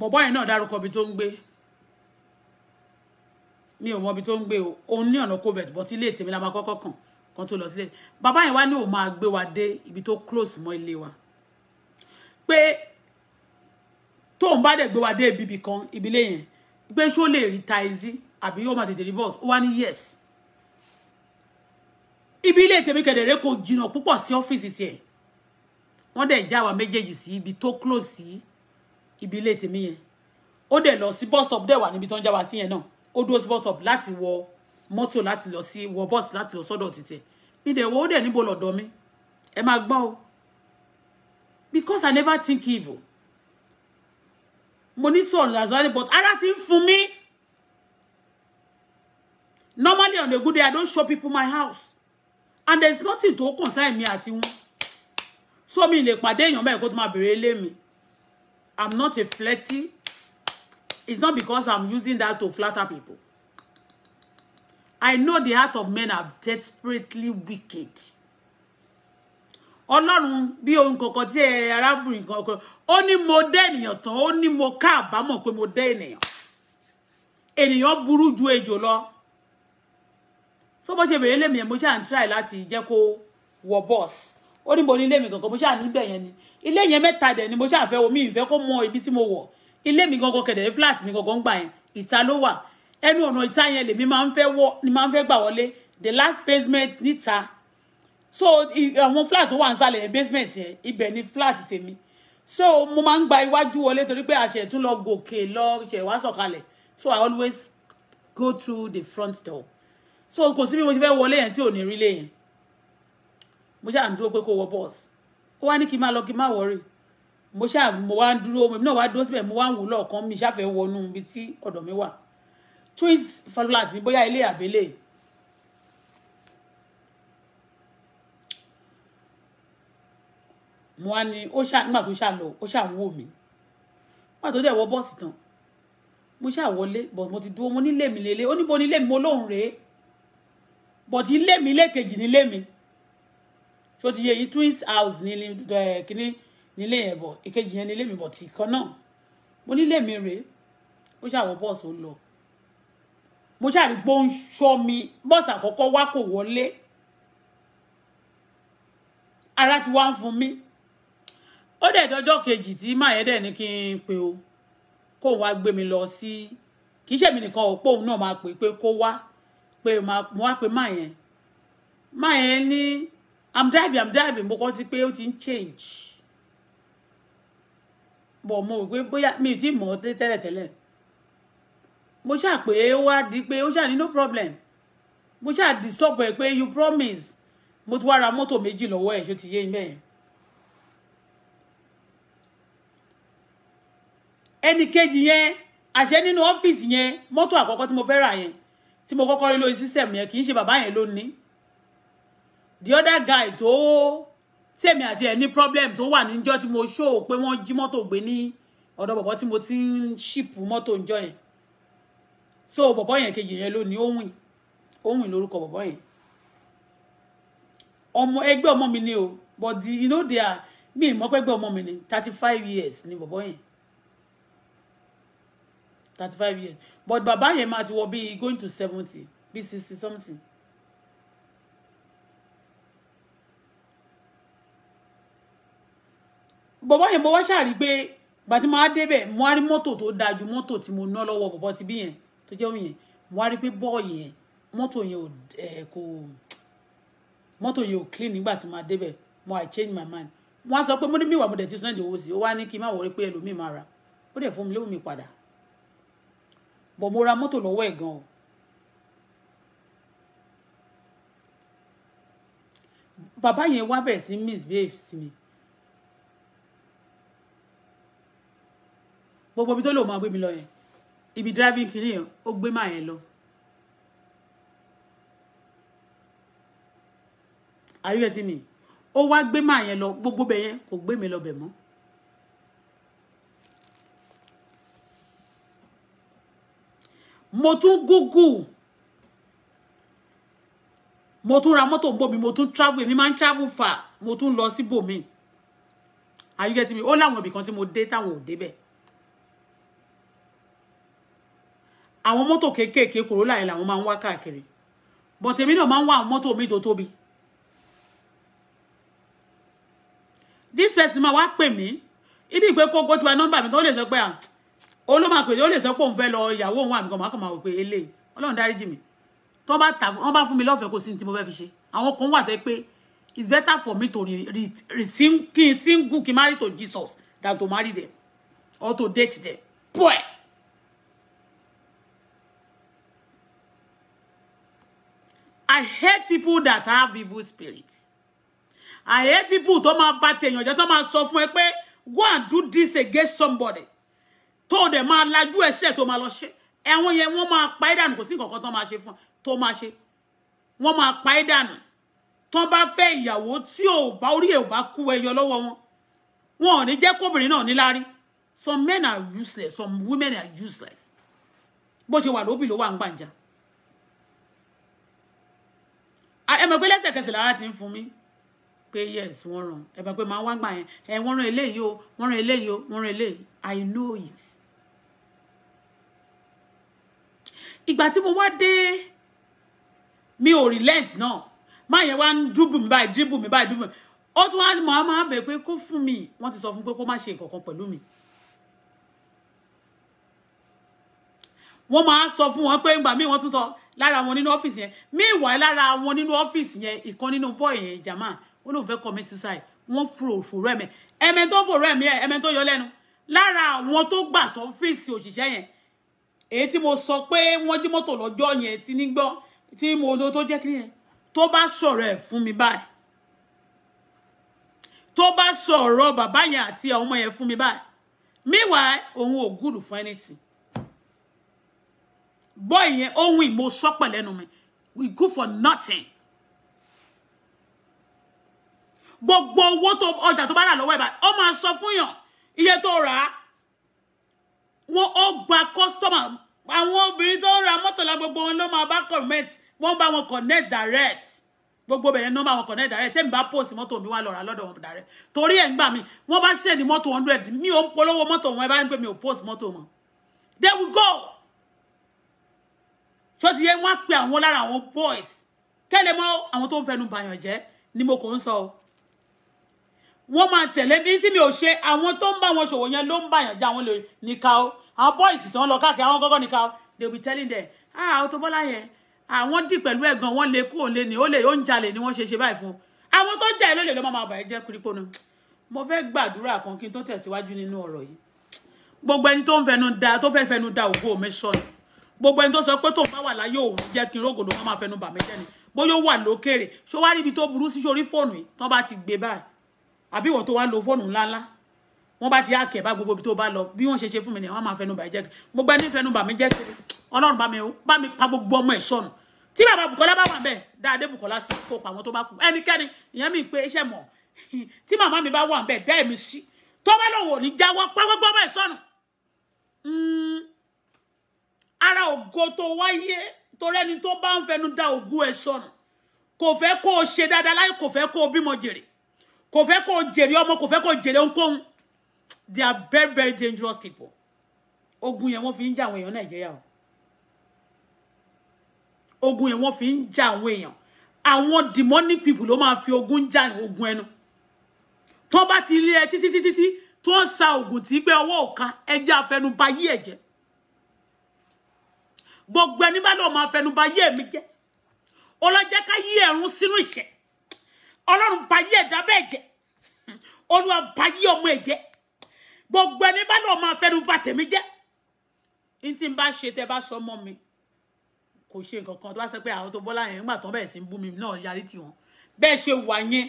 Speaker 1: bọ̀bọ́ yẹn náà dárúkọ ibi tó mi ò mọ ibi tó ń gbé o òun ní ọ̀nà covid but ilé tèmi la máa kọ́kọ́ kàn kan tó lọ sílé bàbá yẹn wá ní òun máa gbé wa dé ibi tó close mọ́ ilé wa pé tóun bá dẹ̀ gbé wa dé ibi kan ìbílẹ̀ yẹn pé ṣó lè rí taizí àbí yóò máa tètè rí bọ́ọ̀sì ó wá ní yes ibi ilé tèmi kẹ̀dẹ̀rẹ́ kò jìnnà púpọ̀ sí ọ́fíìsì tiẹ̀ wọ́n dẹ̀ já wa méjèèjì sí ibi tó close sí ibi ilé tèmi yẹn ó dẹ̀ lọ sí bus stop dẹ̀ wà níbi tó ń já wa sí yẹn náà ó dúró sí bus stop láti wọ mọ́tò láti lọ sí wọ bus láti lọ sọ́dọ̀ títẹ̀ mi dẹ̀ wọ ó dẹ̀ níbo lọ́dọ̀ mi ẹ máa gbọ́ o because I never think evil mo ní sọ̀rọ̀ àzọ́lẹ̀ but ara ti ń fún mi normally on a good day I don't show people my house and there is nothing to concern me àti wọn so mi lè pàdé èèyàn báyìí kó tó máa bèrè lé mi I'm not a flirty It's not because I'm using that to flatter people. I know the heart of men are desperately wicked. Ọlọ́run bí ohun kankan tí arábìnrin kankan ó ní mo dé ènìyàn tán ó ní mo káàbámọ̀ pé mo dé ènìyàn ju ejò lọ tó bó ṣe bèrè lèmi yẹn mo ṣáà try láti jẹ́ kó wọ bọ́ọ̀sì ó ní mo ní ilé mi kankan mo ni níbẹ̀ yẹn ni ilé yẹn mẹ́ta dẹ̀ ni mo ṣáà fẹ́ omi ìfẹ́ kó mọ ibi tí mo wo ilé mi gangan kẹ̀dẹ̀ flat mi gangan gbà yẹn ìta ló wà ẹnu ọ̀nà ìta yẹn lèmi máa ń fẹ́ wọ ni máa ń fẹ́ gbà wọlé the last basement níta so àwọn flat tó wà nísàlẹ̀ yẹn basement yẹn ibẹ̀ ni flat tèmi so mo máa ń gba iwájú wọlé torí pé àṣẹ tún lọ gòkè lọ ṣe wá sọ̀kalẹ̀ so I always go through the front door so kò sí bí mo ṣe fẹ́ wọlé yẹn tí ò ní rí lé yẹn mo ṣáà ń dúró pé kó wọ bọ́ọ̀sì ó wá ní kí n máa lọ kí n máa wọrí mo ṣáà mo wá dúró mo náà wá dúró síbẹ̀ mo wá ń wò lọ́ọ̀kan mi ṣáfẹ́ wọnú ibi tí ọ̀dọ̀ mi wà twins flat ní bóyá ilé àbélé mo wá ní ó ṣáà nígbà tó ṣáà lọ ó ṣáà ń wò mí nígbà tó dẹ̀ wọ bọ́ọ̀sì tán mo ṣáà wọlé but mo ti dúró mo nílé mi lélẹ̀ ó níbo nílé mi mo lóhùn rèé but ilé mi ilé kejì nílé mi ṣó ti yẹ yìí twins house ní eh, kíní nílé yẹn bọ̀ ìkejì yẹn nílé mi bọ̀ tì kan náà mo nílé mi rèé ó ṣàwọ̀ bọ́ọ̀sì ó lọ mo ṣàrí gbóhùn ṣọ́ mi bọ́ọ̀sì àkọ́kọ́ wá kò wọlé ara ti wá ń fún mi ó dẹ̀ dọjọ́ kejì tí máyẹ́dẹ̀ ní kí n pe o kó wá gbé mi lọ sí kì í ṣèmi nìkan ò pòun náà máa pè pé kó wá pé mo wá pe máyẹn máyẹn ní i'm driving i'm driving mo kọ́ ti pé ó ti ń change bọ̀ mo rò pé bóyá mi ì tí mọ̀ ọ́ tẹ́lẹ̀tẹ́lẹ̀ mo ṣáà pé ó wá di pé ó ṣáà ní no problem mo ṣáà di sọ́pọ̀ ẹ̀ pé you promise mo ti wá ra mọ́tò méjì lọ́wọ́ ẹ̀ ṣó ti yé mẹ́yìn. ẹnì kejì yẹn àṣẹ nínú ọ́fíìsì yẹn mọ́tò àkọ́kọ́ tí mo fẹ́ rà yẹn tí mo kọ́kọ́ rí lórí sísẹ̀mù yẹn kì í ṣe bàbá yẹn ló the other guy tó. Oh, tèmi àti ẹ̀ ní problem tó wà níjọ́ tí mo ṣó pé wọ́n jí mọ́tò gbé ní ọ̀dọ̀ bọ̀bọ̀ tí mo ti ń ṣìpù mọ́tò ńjọ́ yẹn so bọ̀bọ̀ yẹn kejì yẹn ló ní ohun ohun lórúkọ bọ̀bọ̀ yẹn ọmọ ẹgbẹ́ ọmọ mi ni o but the, you know they are mi ìmọ̀ pẹ́gbẹ́ ọmọ mi ni thirty five years ni bọ̀bọ̀ yẹn thirty five years but bàbá yẹn máa ti wọ bíi going to seventy bíi sixty something bọ̀bọ̀ yẹn mo wá ṣàrí pé gbàtí mo á débẹ̀ mo á rí mọ́tò tó dáa ju mọ́tò tí mo ná lọ́wọ́ bọ̀bọ̀ ti bí yẹn tó jẹ́ òun yẹn mo rí pé bọ́ọ̀lù yẹn mọ́tò yẹn kò mọ́tò yẹn ò clean nígbà tí mo débẹ̀ mo I change my mind mo á sọ pé mo ní míwà mo dẹ̀ ti sún ẹ̀dínwó sí i ó wá ní kí n má wọrí pé ẹlòmíì máa ra ó dẹ̀ fún mi lówó mi padà bọ̀ mo ra mọ́tò lọ́wọ́ ẹ̀ gan o bàbá yẹn wá bẹ̀rẹ̀ sí misbehave sí mi gbogbo ibi tó lò mọ́ gbé mi lọ yẹn ibi driving kiri yẹn ó gbé màá yẹn lọ. are you getting me ó wá gbé màá yẹn lọ gbogbo be yẹn kò gbé mi lọ be mọ́. mo tún google mo tún ra mọ́tò bòmí mo tún travel èmi máa ń travel far mo tún lọ sí bòmí are you getting me ó láwọn ibì kan tí mo dé táwọn ò débẹ̀ àwọn mọ́tò kéékèèké Corolla yẹn làwọn máa ń wá káàkiri but èmi náà máa ń wá àwọn mọ́tò mi tó tóbi this person máa wá pè mí ibi ìpè kókó tiwa nọ́mbà mi tó lè sọ pé à ó ló máa pè ó lè sọ pé òun fẹ́ lọ ìyàwó òun àmì kan máa kàn máa wò pé eléyìí ọlọ́run dáríjì mi tó bá tà wọ́n bá fún mi lọ́fẹ̀ẹ́ kò sí ní tí mo fẹ́ fi ṣe àwọn kan wà tẹ́ pé it's better for me to kí n single kí n marry to Jesus than to marry them or to date them. Boy. I hate people that have evil spirits. I hate people tó máa bá tèèyàn jẹ́ tó máa sọ fún go and do this against somebody. Told them, man, like do a máa to my Ẹ̀wọ̀n yẹn wọ́n you want my dànù down. Go sing kan go to my fún tó máa ṣe. Wọ́n máa pa ẹ́ dànù. Tó bá fẹ́ ìyàwó tí ò bá orí ẹ̀ ò bá kú ẹyọ lọ́wọ́ wọn. Some men are useless, some women are useless. But you are lóbì ló one ń ẹ mọ̀ pé lẹ́sẹ̀kẹsẹ̀ lára ti ń fún mi pé yes wọ́n ràn ẹ mọ̀ pé màá wá gbà yẹn ẹ wọ́n ràn eléyìí o wọ́n ràn eléyìí o wọ́n ràn eléyìí i know it. ìgbà tí mo wá dé mi ò relent náà máa yẹn wá ń dúbù mi báyìí dúbù mi báyìí dúbù mi ó tún wá ní màá máa bẹ̀ pé kó fún mi wọ́n ti sọ fún pé kó má ṣe nǹkan kan pẹ̀lú mi. wọ́n máa sọ fún wọn pé ìgbà míì wọ́n tún sọ lára wọn nínú ọ́fíìsì yẹn míì wà lára wọn nínú ọ́fíìsì yẹn ìkan nínú bọ́ọ̀ yẹn jàmá ó lóun fẹ́ commit suicide wọ́n fòrò fòrò ẹ̀mẹ́ ẹ̀mẹ́ tó fòrò ẹ̀mí ẹ̀ ẹ̀mẹ́ tó yọ lẹ́nu lára àwọn tó gbà sọ ọ́fíìsì òṣìṣẹ́ yẹn èyí tí mo sọ pé wọ́n jí mọ́tò lọ́jọ́ yẹn ti ní gbọ́ tí mo lo tó jẹ́ kí yẹn tó bá sọ̀rọ̀ ẹ̀ fún mi báyìí tó bá sọ̀rọ̀ bàbá yẹn àti ọmọ yẹn fún mi báyìí meanwhile òun ò gùdù fún anything boy yẹn ó win mo sọ pẹ̀lẹ́nu mi we go for nothing gbogbo owó tó ọjà tó bá rà lọ́wọ́ ẹ̀ báyìí ó máa sọ fún yàn iye tó rà á wọn ó gba customer àwọn obìnrin tó ń ra mọ́tò la gbogbo wọn ló máa bá connect wọ́n bá wọn connect direct gbogbo bẹ̀rẹ̀ number. wọn connect direct tẹ́mi bá post mọ́tò mi wá lọ rà lọ́dọ̀ wọn direct torí ẹ̀ ń gbà mí wọ́n bá send mọ́tò hundred mi ò ń polówó mọ́tò wọn ẹ bá ń pè mí ò post mọ́tò wọn there we go ṣó ti yẹ wọn á pe àwọn lára àwọn boys kẹ́lẹ̀ mọ́ àwọn tó ń fẹnu bàyàn jẹ́ ni mo kò ń sọ wọ́n máa tẹ̀lé bí tí mi ò ṣe àwọn tó ń bá wọn ṣòwò yẹn ló ń bàyàn jẹ́ àwọn lè nìka o àwọn boys tí wọ́n lọ káàkiri àwọn gọ́gọ́ nìka o they will be telling them ah Auto Bola yẹn àwọn dì pẹ̀lú ẹ̀gàn wọ́n lè kú òun lè ní ó lè ó ń jalè ni wọ́n ṣe ṣe báyìí fún àwọn tó jà ló lè lọ́ máa bàyẹ̀ jẹ́ kuriponu mo fẹ́ gbàdúrà kan kí n tó tẹ̀síwájú nínú ọ̀rọ̀ yìí gbogbo ẹni tó ń fẹnu da tó fẹ́ fẹnu da ògo mi gbogbo ẹni tó sọ pé tó ń bá wà láyé òun jẹ́ kí rògòdò wọn máa fẹnu bà mí jẹ́ ni bóyá ó wà lókèrè ṣó wá ríbi tó burú sí sórí fóònù yìí tán bá ti gbé báyìí àbí ìwọ tó wá lo fóònù ńláńlá wọn bá ti àkẹ́ bá gbogbo ibi tó bá lọ bí wọ́n ṣe ṣe fún mi nìyẹn wọ́n máa fẹnu bà mí jẹ́ gbogbo ẹni fẹnu bà mí jẹ́ kiri ọlọ́run bá mi bá mi pa gbogbo ọmọ ẹ̀ sọnù tí bàbá Bùkọ́lá bá wà bẹ́ẹ̀ dáadé Bùkọ́lá sí kó pa àwọn tó bá kú ẹnikẹ́ni ìyẹn mi pé iṣẹ́ mọ̀ tí màmá mi bá wà bẹ́ẹ̀ dá èmi sí tó bá lọ́wọ́ ní jáwọ́ pẹ́ gbogbo ọmọ ẹ̀ sọnù hmm ara ògo tó wáyé torí ẹni tó bá ń fẹnu da ògo ẹ sọnù kò fẹ́ kó o ṣe dáadáa láì kò fẹ́ kó o bímọ jèrè kò fẹ́ kó o jèrè ọmọ kò fẹ́ kó o jèrè ohunkóhun they are very very dangerous people ogun yẹn wọ́n fi ń jà àwọn èèyàn nàìjíríà o ogun yẹn wọ́n fi ń jà àwọn èèyàn àwọn demonic people ló máa fi ogun jà ogun ẹnu tó bá ti lé ẹ títí títí tí wọ́n sa ogun tí pé ọwọ́ òka ẹjẹ́ afẹnubá yí ẹ̀jẹ̀ gbogbo ẹni bá lóun máa fẹnu ba yé mi jẹ́ ọlọ́jẹ́ ká yí ẹ̀rún sínú ìṣẹ́ ọlọ́run ba yí ẹ̀dá bẹ́ẹ̀ jẹ́ olúwa ba yí ọmọ ẹ̀ jẹ́ gbogbo ẹni bá lóun máa fẹnu ba tèmi jẹ́ n tí n bá ṣe tẹ bá sọ mọ́ mi kò ṣe nǹkan kan tó bá sọ pé àwọn tó bọ́lá yẹn nígbà tó bẹ̀rẹ̀ sí ń bú mi náà yarí tiwọn bẹ́ẹ̀ ṣe wà yẹn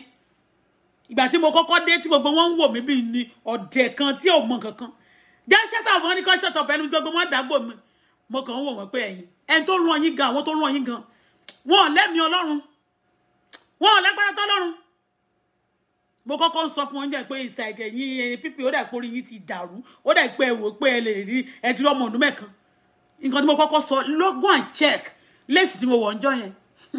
Speaker 1: ìgbà tí mo kọ́kọ́ dé tí gbogbo wọn ń wò mí bíi ni ọ̀dẹ̀ kan tí ò mọ kankan jẹ́ ṣẹ́tà àwọn oníkan ṣẹ́tọ̀ pẹ̀lú gbogbo wọn dàgbò mi mo kàn ń wò wọ́n pé ẹ̀yin ẹni tó rán gan àwọn tó rán yín gan wọn ò lẹ́mìí ọlọ́run wọn ò lágbára tọ́lọ́run mo kọ́kọ́ ń sọ fún oúnjẹ pé ìsàgẹ̀ yín ẹyin pípì ó dà pé ti dàrú ó dà pé ẹ wò pé ẹ lè rí ẹ ti rọ́mọ ọdún mẹ́kan nǹkan mo kọ́kọ́ sọ go and check lace tí mo wọ̀ ọjọ́ yẹn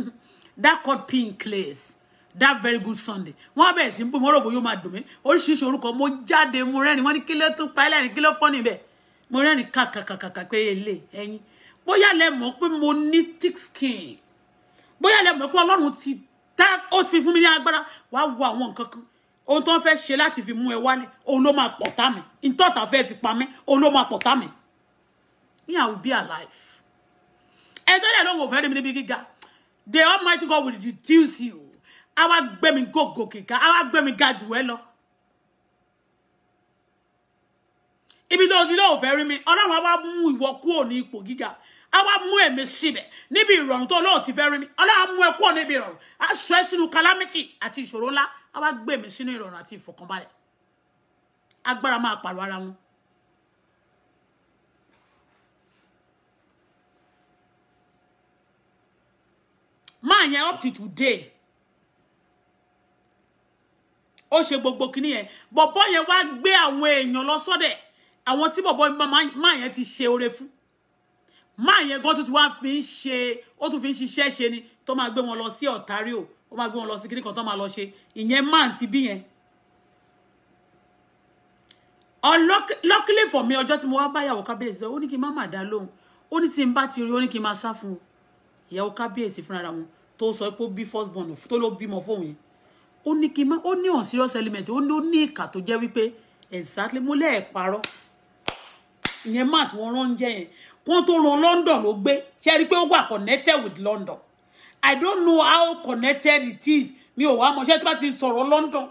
Speaker 1: that cut pink lace that very good sunday wọ́n bẹ̀rẹ̀ sí ń pè mọ́ rògbò yóò máa dùn mí oríṣiríṣi mo jáde mo rẹ́ni wọ́n ní kí ló tún pa ẹ́ lẹ́rìn kí ló fọ́ mo rẹ́rìn kàkàkàkà pé èlé ẹ̀yin bóyá lẹ mọ̀ pé mo ní thick skin bóyá lẹ mọ̀ pé ọlọ́run ti tá ó ti fi fún mi ní agbára wàá wo àwọn nǹkan kan ohun tó ń fẹ́ ṣe láti fi mú ẹ wálé òun ló máa pọ̀ tá mi ìtọ́ta fẹ́ fi pa òun ló máa pọ̀ tá mi me I will be alive ẹjọ́ dẹ̀ ló ń wò fẹ́ rí mi níbi gíga the almighty God will reduce you àwa gbẹ̀mí gògòkè ká àwa gbẹ̀mí ga jù lọ. ibi tó ti lóò fẹ́ rí mi ọlọ́run á wá mú ìwọ kúrò ní ipò gíga á wá mú èmi síbẹ̀ níbi ìrọ̀rùn tó lóò ti fẹ́ rí mi ọlọ́run mú ẹ kúrò níbi ìrọ̀rùn á sọ ẹ́ sínú calamity àti ìṣòro ńlá á wá gbé mi sínú ìrọ̀rùn àti ìfọ̀kànbalẹ̀ agbára máa pààrọ̀ ara wọn. máa yẹn up to today ó ṣe gbogbo kìnìyẹn bọ̀bọ́ yẹn wá gbé àwọn èèyàn lọ sọ́dẹ̀ àwọn tí bọ̀bọ̀ máa yẹn ti ṣe oore fún máa yẹn gan tó ti wá fi ń ṣe ó tún fi ń ṣiṣẹ́ ṣe ni tó máa gbé wọn lọ sí Ontario ó máa gbé wọn lọ sí kíní kan tó máa lọ ṣe ìyẹn máa ti bí yẹn luckily for me ọjọ́ tí mo wá báyàwó kábíyèsí ó ní kí n má má dá lóhùn ó ní tí n bá ti rí ó ní kí n máa sá fún un ìyàwó kábíyèsí fúnra wọn tó sọ pé ó bí first born tó ló bímọ fóun yẹn ó ní kí n má ó ní on serious element ó ní ó ní ìkà tó jẹ́ wípé exactly mo lẹ́ẹ̀ parọ́ ìyẹn matt wọn ránjẹ yẹn kó tó ran London ló gbé ṣe rí pé ó wà connected with London I don't know how connected it is mi ò wá mọ̀ ṣé tí bá ti sọ̀rọ̀ London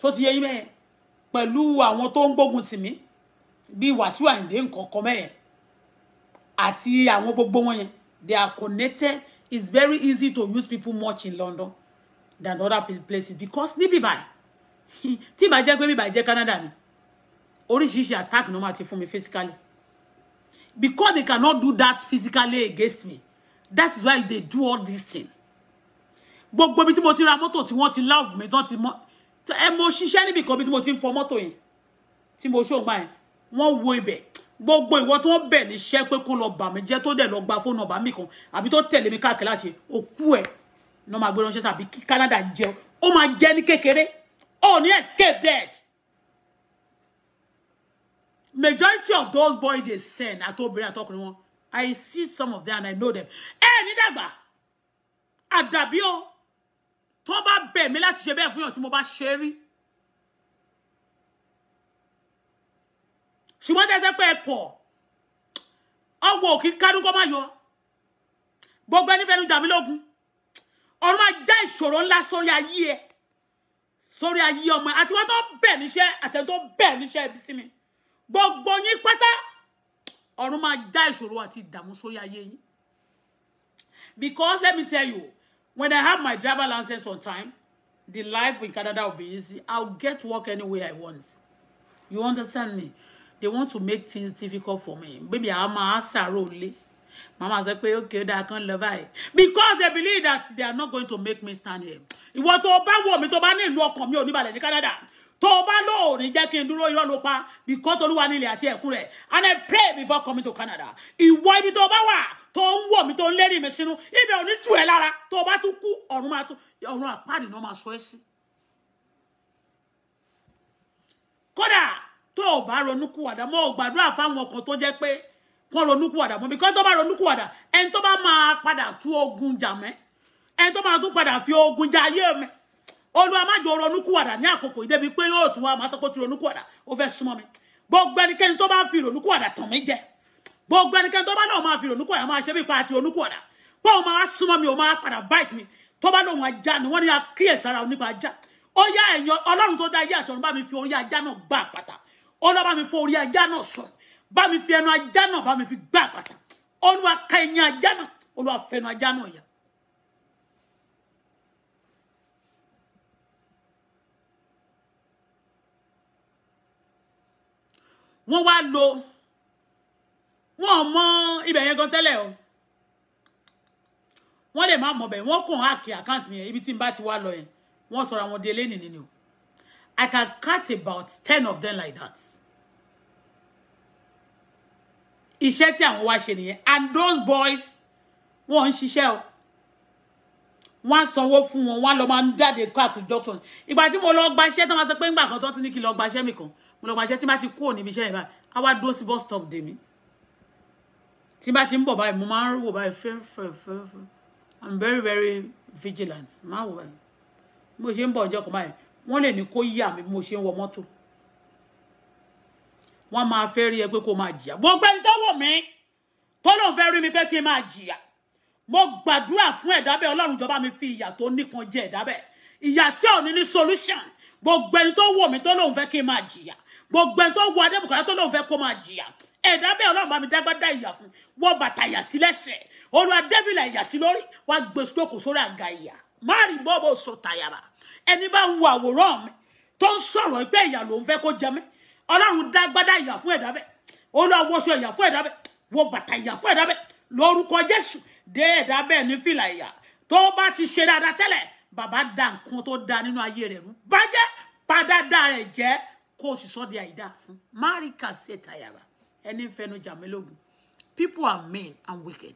Speaker 1: tó ti yẹ yín mẹ́yẹn pẹ̀lú àwọn tó ń gbógun tì mí bíi Wàsíù Àyìndé nǹkan kan mẹ́yẹn àti àwọn gbogbo wọn yẹn they are connected it's very easy to use people much in London than other places because níbí báyìí tí ìbá jẹ́ pé bíbá jẹ́ Canada ni oríṣiríṣi attack ni wọ́n máa ti fún mi physically because they cannot do that physically against me that is why they do all these things gbogbo ibi tí mo ti ra mọ́tò tí wọ́n ti love me, tán ti mọ́ ẹ mo ṣiṣẹ́ níbi kan bí tí mo ti ń fọ mọ́tò yẹn tí mo ṣó máa yẹn wọ́n wo ibẹ̀ gbogbo ìwọ tí wọ́n bẹ̀ níṣẹ́ pé kó lọ bà mí jẹ́ tó dẹ̀ lọ gba fóònù ọ̀bà mi kan àbí tó tẹ̀lé mi káàkiri láṣẹ òkú ẹ̀ ní wọ́n máa gbé ránṣẹ́ sàbí kí Canada jẹun ó máa jẹ́ ní kékeré ó ní escape bed majority of those boys they send àtobìnrin àtọkùnrin one. i see some of them and i know them ẹ Nidaba, dàgbà Toba o Me wọn bá bẹ̀ mí láti ṣe bẹ́ẹ̀ fún yàn tí mo bá ṣe rí ṣùgbọ́n tẹ́sẹ̀ pé ẹ pọ̀ ọwọ́ òkì kádùn kọ́ máa yọ gbogbo ẹni fẹnu jàmí lógún ọ̀run máa já ìṣòro ńlá sórí ayé ẹ sórí ayé ọmọ ẹ àti wọn tó bẹ̀ níṣẹ́ àtẹ tó bẹ̀ níṣẹ́ ibi gbogbo yín pátá ọ̀run máa já ìṣòro àti ìdààmú sórí ayé yín because let me tell you when I have my driver license on time the life in Canada will be easy I'll get work anywhere I want you understand me they want to make things difficult for me baby. I ma ṣàrò lé Mama say pé okay dá kan lọ báyìí because they believe that they are not going to make me stand here ìwọ tó bá wò mí to bá ní ìlú ọkàn mi ò ní balẹ̀ ní Canada tó o bá lò ó ní jẹ́ kí n dúró irọ́ ló pa bìkọ́ tolúwa nílẹ̀ àti ẹ̀kú rẹ̀ and I pray before coming to Canada ìwọ ibi tó o bá wà tó ń wò mí tó ń lérí mi sínú ibẹ̀ ò ní tù ẹ́ lára tó o bá tún kú ọ̀run máa tún ọ̀run àpáàdì náà máa sọ ẹ́ sí. kódà tó o bá ronúkúwàdà mo gbàdúrà fáwọn ọkàn tó jẹ́ pé kó ronúkúwàdà mọ́ bìkọ́ tó bá ronúkúwàdà ẹni tó bá máa padà tú ogun jà mẹ́ ẹni tó máa tún padà fi ogun jà ayé mẹ́ olúwa má jọ ronúkúwàdà ní àkókò ìdẹ́bi pé yóò tún wá máa sọ pé ó ti ronúkúwàdà ó fẹ́ súnmọ́ mi gbogbo ẹnikẹ́ni tó bá fi ronúkúwàdà tàn mí jẹ gbogbo ẹnikẹ́ni tó bá náà máa fi ronúkúwàdà máa pa bí ipa àti ronúkúwàdà pé òun máa súnmọ́ mi òun máa padà bite mi tó bá lòun ajá ni wọ́n ní akíyèsára onípa ajá ó yá ẹ̀yàn ọlọ́run tó dá ayé àti ọ̀run bá mi fi orí ajá náà gbá pata, ọlọ́run ba mi fi orí ajá náà sọ̀rọ̀ bá mi fi ẹnu ajá náà bá mi fi gbá pata, olúwa ka ẹ̀yìn ajá náà olúwa fẹnu ajá náà yá wọ́n wá lo wọn ò mọ ibẹ̀ yẹn gan tẹ́lẹ̀ o wọ́n lè má mọ̀ be wọ́n kàn áàkì àkáǹtì mi yẹn ibi tí n bá ti wá lọ yẹn wọ́n sọ̀rọ̀ àwọn di eléyìí nìyí o I can cut about ten of them like that iṣẹ́ tí àwọn wá ṣe nìyẹn and those boys wọ́n ń ṣiṣẹ́ o wọ́n á sanwó fún wọn wọ́n á lọ máa ń jáde káàkiri junction ìgbà tí mo lọ gbaṣẹ́ tó máa sọ pé ńgbà kan tó ti ní kí n lọ gbaṣẹ́ mi kan mo lọ pàṣẹ tí bá ti kúrò níbi iṣẹ́ ìbá a wá dúró sí bus stop dè mí tí ba, ti ń bọ̀ báyìí mo máa ń wò báyìí fẹ́ fẹ́ fẹ́ fẹ́ i'm very very vigilant Ma wò báyìí bí mo ṣe ń bọ̀ ọjọ́ kan báyìí wọ́n lè ní kó yà mí bí mo ṣe ń wọ mọ́tò wọ́n máa fẹ́ rí ẹ pé kó máa jìyà gbogbo ẹni tó wò mí tó lóun fẹ́ rí mi pé kí n máa mo gbàdúrà fún ẹ̀dá bẹ́ẹ̀ ọlọ́run mi fi ìyà tó nípọn jẹ ẹ̀dá bẹ́ẹ̀ ìyà tí ò ní solution gbogbo ẹni tó wò mí tó lóun fẹ́ kí n máa jìyà gbogbo ẹni tó wọ adébùkọ́lá tó lóun fẹ́ kó máa jìyà ẹ̀dá bẹ́ẹ̀ ọlọ́run bá mi dágbádá ìyà fún wọ́n bàtà ìyà sí lẹ́sẹ̀ olú adébìlà ìyà sí lórí wá gbé sókò sórí àga ìyà má rí bọ́ọ̀bù sọ tàyàrà ẹni bá ń wo àwòrán mi tó ń sọ̀rọ̀ pé ìyà lòun fẹ́ kó jẹ mí ọlọ́run dágbádá ìyà fún ẹ̀dá bẹ́ẹ̀ olú awọ́sọ ìyà fún ẹ̀dá bẹ́ẹ̀ wọ bàtà ìyà fún ẹ̀dá bẹ́ẹ̀ lórúkọ jésù dé ẹ̀dá bẹ́ẹ̀ ní fìlà ìyà tó bá ti ṣe dáadáa tẹ́lẹ̀ bàbá da nǹkan tó da nínú ayé rẹ̀ rú bàjẹ́ padà da rẹ̀ jẹ́ kó o sì sọ di àìdá fún máríkà sí ẹ̀ta yàrá ẹni fẹnu jàmílógún people are mean and wicked.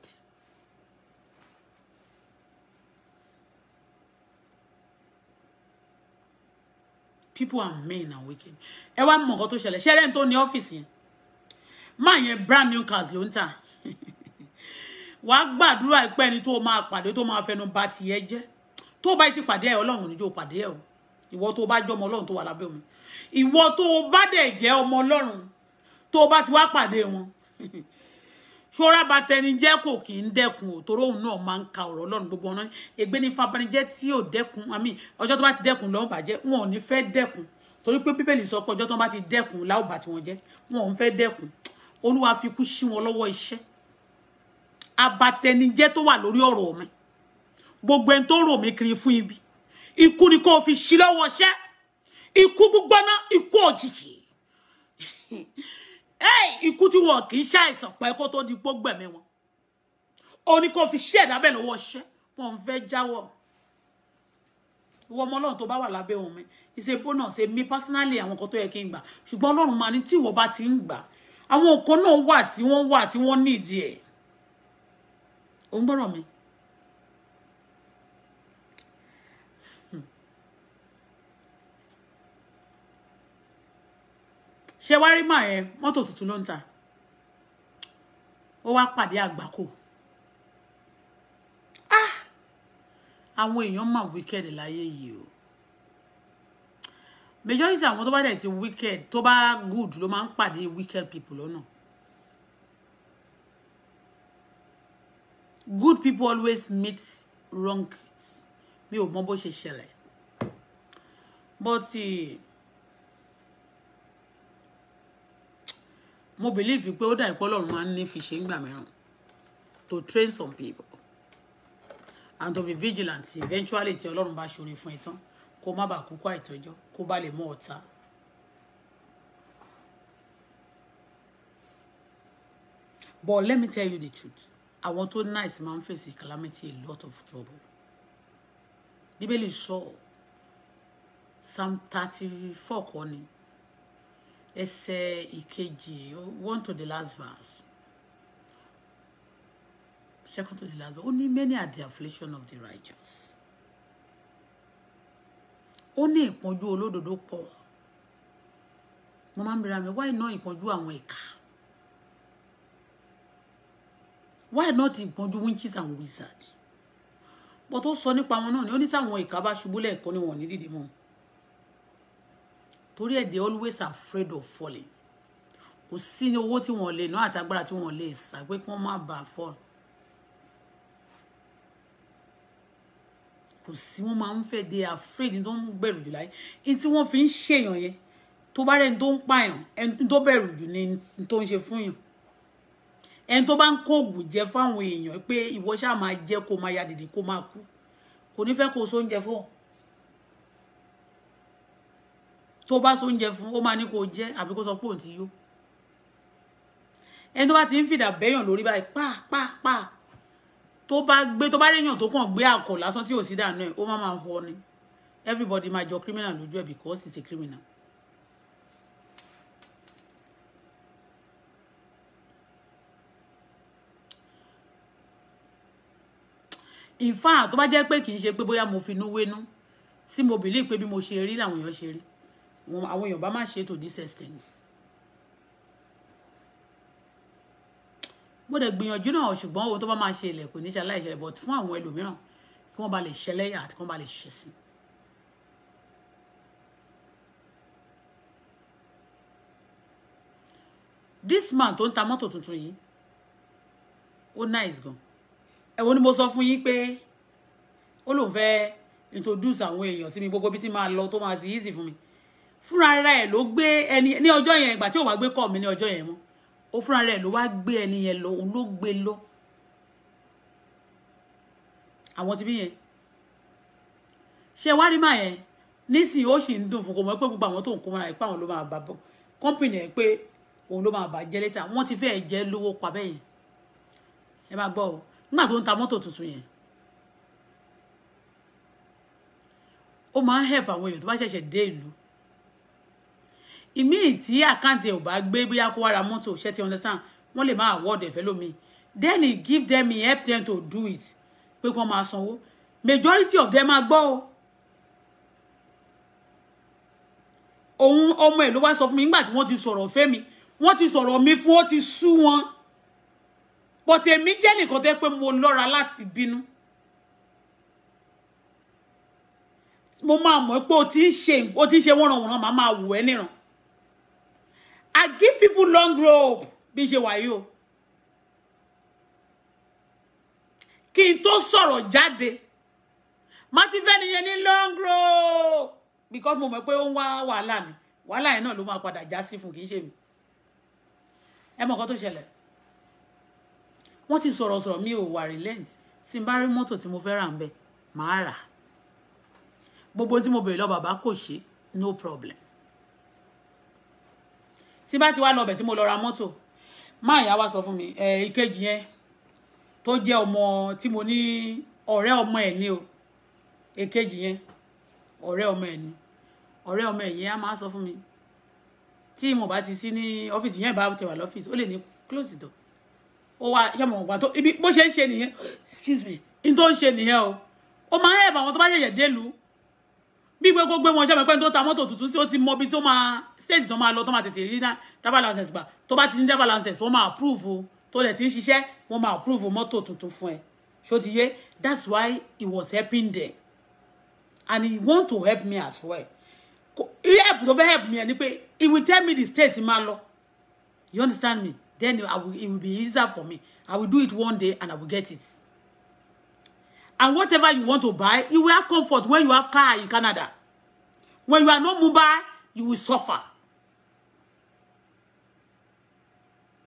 Speaker 1: people are mean and wicked. ẹ wá mọ nǹkan tó ṣẹlẹ̀ ṣẹ́rẹ́ tó ní ọ́fíìsì yẹn máa yẹn brand new cars ló ń tà wàá gbàdúrà ìpẹ́ ni tó máa pàdé tó máa fẹnu bà tiẹ̀ jẹ́ tó bá ti pàdé ẹ̀ ọlọ́run níjó pàdé ẹ̀ o ìwọ tó bá jọmọ ọlọ́run tó wà lábẹ́ omi ìwọ tó o bá dẹ̀ jẹ́ ọmọ ọlọ́run tó o bá ti wá pàdé wọn ṣọ́ra bá tẹni jẹ́ kò kì í dẹ́kun ò toró òun náà máa ń ka ọ̀rọ̀ ọlọ́run gbogbo ọ̀nà ègbé ní fabanijẹ́ tí ò dẹ́kun àmì ọjọ́ tó bá ti dẹ́kun lọ́wọ́ bàjẹ́ wọn ò ní fẹ́ dẹ́kun torí pé bíbélì sọ pé ọjọ́ tó bá ti dẹ́kun láwọ̀ bá tiwọn jẹ́ wọn ò ń fẹ́ dẹ́kun olúwa fi kú sí wọn lọ́wọ́ iṣẹ́ abatẹnijẹ́ tó wà lórí ọ̀rọ̀ mi gbogbo ẹni tó rò mí kiri fún ibi ikú ni kò fi sí lọ́wọ́ iṣẹ́ ikú gbígbóná ikú òjijì ikú tí wọn kì í ṣàìsàn pẹ́ kó tó di gbógbẹ̀mí wọn ó ní kó fi ṣe ẹ̀dá bẹ́ẹ̀ lọ́wọ́ ṣẹ́ wọn ń fẹ́ jáwọ́ ìwọ ọmọ ọlọ́run tó bá wà lábẹ́ òun mi ìṣe bonus èmi personally àwọn kan tó yẹ kí n gbà ṣùgbọ́n ọlọ́run máa ní tí ìwọ bá ti ń gbà àwọn nǹkan náà wà tí wọ́n wà tí wọ́n nídìí ẹ̀ ò ń gbọ́rọ̀ mi ṣe wá rí mà ẹ mọ́tò tuntun ló ń ta ó wá pàdé àgbákò ah! àwọn èèyàn mà wicked láyé yìí o majority àwọn tó bá dẹ̀ ti wicked tó bá good lo máa ń wicked people lọ́nà good people always meet wrong mi o mọ bó ṣe ṣẹlẹ̀ but. Uh, mo believe pé ó dà ìpọ́ ọlọ́run máa ń ní fi ṣe ń gbà mìíràn to train some people and to be vigilant eventually tí ọlọ́run bá ṣoore fún ẹ tán kó má bàa kúkú àìtọ́jọ́ kó bá lè mọ ọ̀tá But let me tell you the truth. Àwọn tó nice máa ń face calamity a lot of trouble. Bíbélì sọ Psalm thirty four kọ́ ẹsẹ̀ ìkejì one to the last verse second to the last verse ó many are the affliction of the righteous ó ní ìpọ́njú olódodo pọ̀ mo máa ń bèèrè àmì why not ìpọ́njú àwọn ìkà why not ìpọ́njú witches and wizards But tó sọ nípa wọn náà ni ó ní sáwọn ìkà bá ṣubú lẹ́ẹ̀kan ni wọn ò ní dìde mọ́ torí ẹ̀ they always afraid of falling kò sí ní owó tí wọ́n lè ná àtàgbára tí wọ́n lè sá pé kí wọ́n má bàa fall kò sí wọ́n máa ń fẹ́ they afraid ní tó ń bẹ̀rù jù láyé ní tí wọ́n fi ń ṣèyàn yẹn tó bá rẹ̀ ní tó ń pààyàn ẹni tó bẹ̀rù jù ní tó ń ṣe fún yàn ẹni tó bá ń kó oògùn jẹ fáwọn èèyàn pé ìwọ ṣáà máa jẹ kó máa ya dìde kó máa kú kò ní fẹ́ kó o sóúnjẹ fún ọ tó bá so oúnjẹ fún ó máa ní kó jẹ àbí kó sọ pé òun ti yó ẹni tó bá ti ń fìdà bẹ́yàn lórí báyìí pa pa pa tó bá gbé tó bá réyàn tó kàn gbé àkọ lásán tí ò sí dànù ẹ ó má máa họ ni everybody máa jọ criminal lójú ẹ because it's a criminal. in fact tó bá jẹ́ pé kì í ṣe pé bóyá mo fi inú wénú tí mo believe pé bí mo ṣe rí làwọn èèyàn ṣe rí àwọn èèyàn bá má ṣe to this extent. mo dẹ̀ gbìyànjú náà ṣùgbọ́n owó tó bá máa ṣe ilẹ̀ kò ní ṣe aláìṣẹlẹ̀ but fún àwọn ẹlòmíràn kí wọ́n bá lè ṣẹlẹ́yà àti kí wọ́n bá lè ṣiṣẹ́ sí this man tó ń ta mọ́tò tuntun yìí ó nice gan ẹ̀wọ̀n ni mo sọ fún yín pé ó lóun fẹ́ introduce àwọn èèyàn sí mi gbogbo bí tí máa lọ tó máa ti easy fún mi fúnra ara ẹ̀ ló gbé ẹni ní ọjọ́ yẹn ìgbà tí òun wá gbé kọ́ mi ní ọjọ́ yẹn mọ́ ó fúnra ara ẹ̀ ló wá gbé ẹni yẹn lọ òun ló gbé lọ àwọn ti bí yẹn ṣe wá rí màá yẹn nísìnyí ó sì ń dùn fún kò mọ̀ pé gbogbo àwọn tó ń kó mọ́ra ẹ̀ pé àwọn ló máa bà bọ̀ kọ́ńpìnì ẹ̀ pé òun ló máa bà jẹ́ létà wọ́n ti fẹ́ẹ́ jẹ́ lówó pa bẹ́yẹn ẹ máa gbọ́ ọ nígbà tó ń ta mọ́tò tuntun yẹn ó máa ń help àwọn èèyàn tó bá ṣẹ̀ṣẹ̀ dé ìlú ìmí tí àkáǹtì ò bá gbé bóyá kó wá ra mọ́tò ṣe ti understand wọ́n lè máa award ẹ̀fẹ́ lómi then he give them he help them to do it pé kí wọ́n máa sanwó majority of them máa gbọ́ o òun ọmọ ẹ̀ ló wá sọ fún mi nígbà tí wọ́n ti sọ̀rọ̀ fẹ́ mi wọ́n ti sọ̀rọ̀ mi fún ó ti sú wọn pọ̀tẹ̀ mi nìkan tẹ́ pé mo lọ́ra láti bínú mo máa mọ̀ pé o ti ń ṣe o ti ń ṣe wọ́nranwọ̀nran màá máa wù ẹ́ níran I give people long rope bí n ṣe wà yìí o kí n tó sọ̀rọ̀ jáde long rope because mo mọ̀ pé ó ń wá wàhálà ni wàhálà yẹn náà ló máa padà já sí fún kì í ṣe mi ẹ mọ̀ nǹkan tó ṣẹlẹ̀ ti sọ̀rọ̀ sọ̀rọ̀ mi ò wà relent tí n bá mo fẹ́ rà ń bẹ̀ màá mo bèrè lọ bàbá kò no problem tí bá ti wá lọ bẹ̀ tí mo lọ ra mọ́tò máa yà wá sọ fún mi ẹ ìkejì yẹn tó jẹ́ omo tí mo ní ọ̀rẹ́ ọmọ ẹ̀ ní o èkejì yẹn ọ̀rẹ́ ọmọ ẹ̀ ní ọ̀rẹ́ ọmọ ẹ̀ yẹn á máa sọ mi tí mo bá ti sí ní ọ́fíìsì yẹn bá tẹ̀wà lọ́fíìsì ó lè ní close the door ó wá ṣe mọ̀ ọ̀gbà tó ibi bó ṣe ń ṣe excuse me n tó ń ṣe nìyẹn o ó máa ń ẹ̀bà àwọn tó bá ṣẹ̀ṣẹ̀ délùú bí pé kó gbé wọn ṣe pẹ́pẹ́ tó ta mọ́tò tuntun sí ó ti mọ bí tó máa stage tó máa lọ tó máa tètè rí driver license gbà tó bá ti ní driver license wọ́n máa approve o tó dẹ̀ ti ń ṣiṣẹ́ wọ́n máa approve mọ́tò tuntun fún ẹ ṣó ti yé that's why he was helping them and he want to help me as well help tó fẹ́ help me ẹ ni pé he will tell me the state máa lọ you understand me then will, it will be easier for me I will do it one day and I will get it. And whatever you want to buy, you will have comfort when you have car in Canada. When you are not mobile, you will suffer.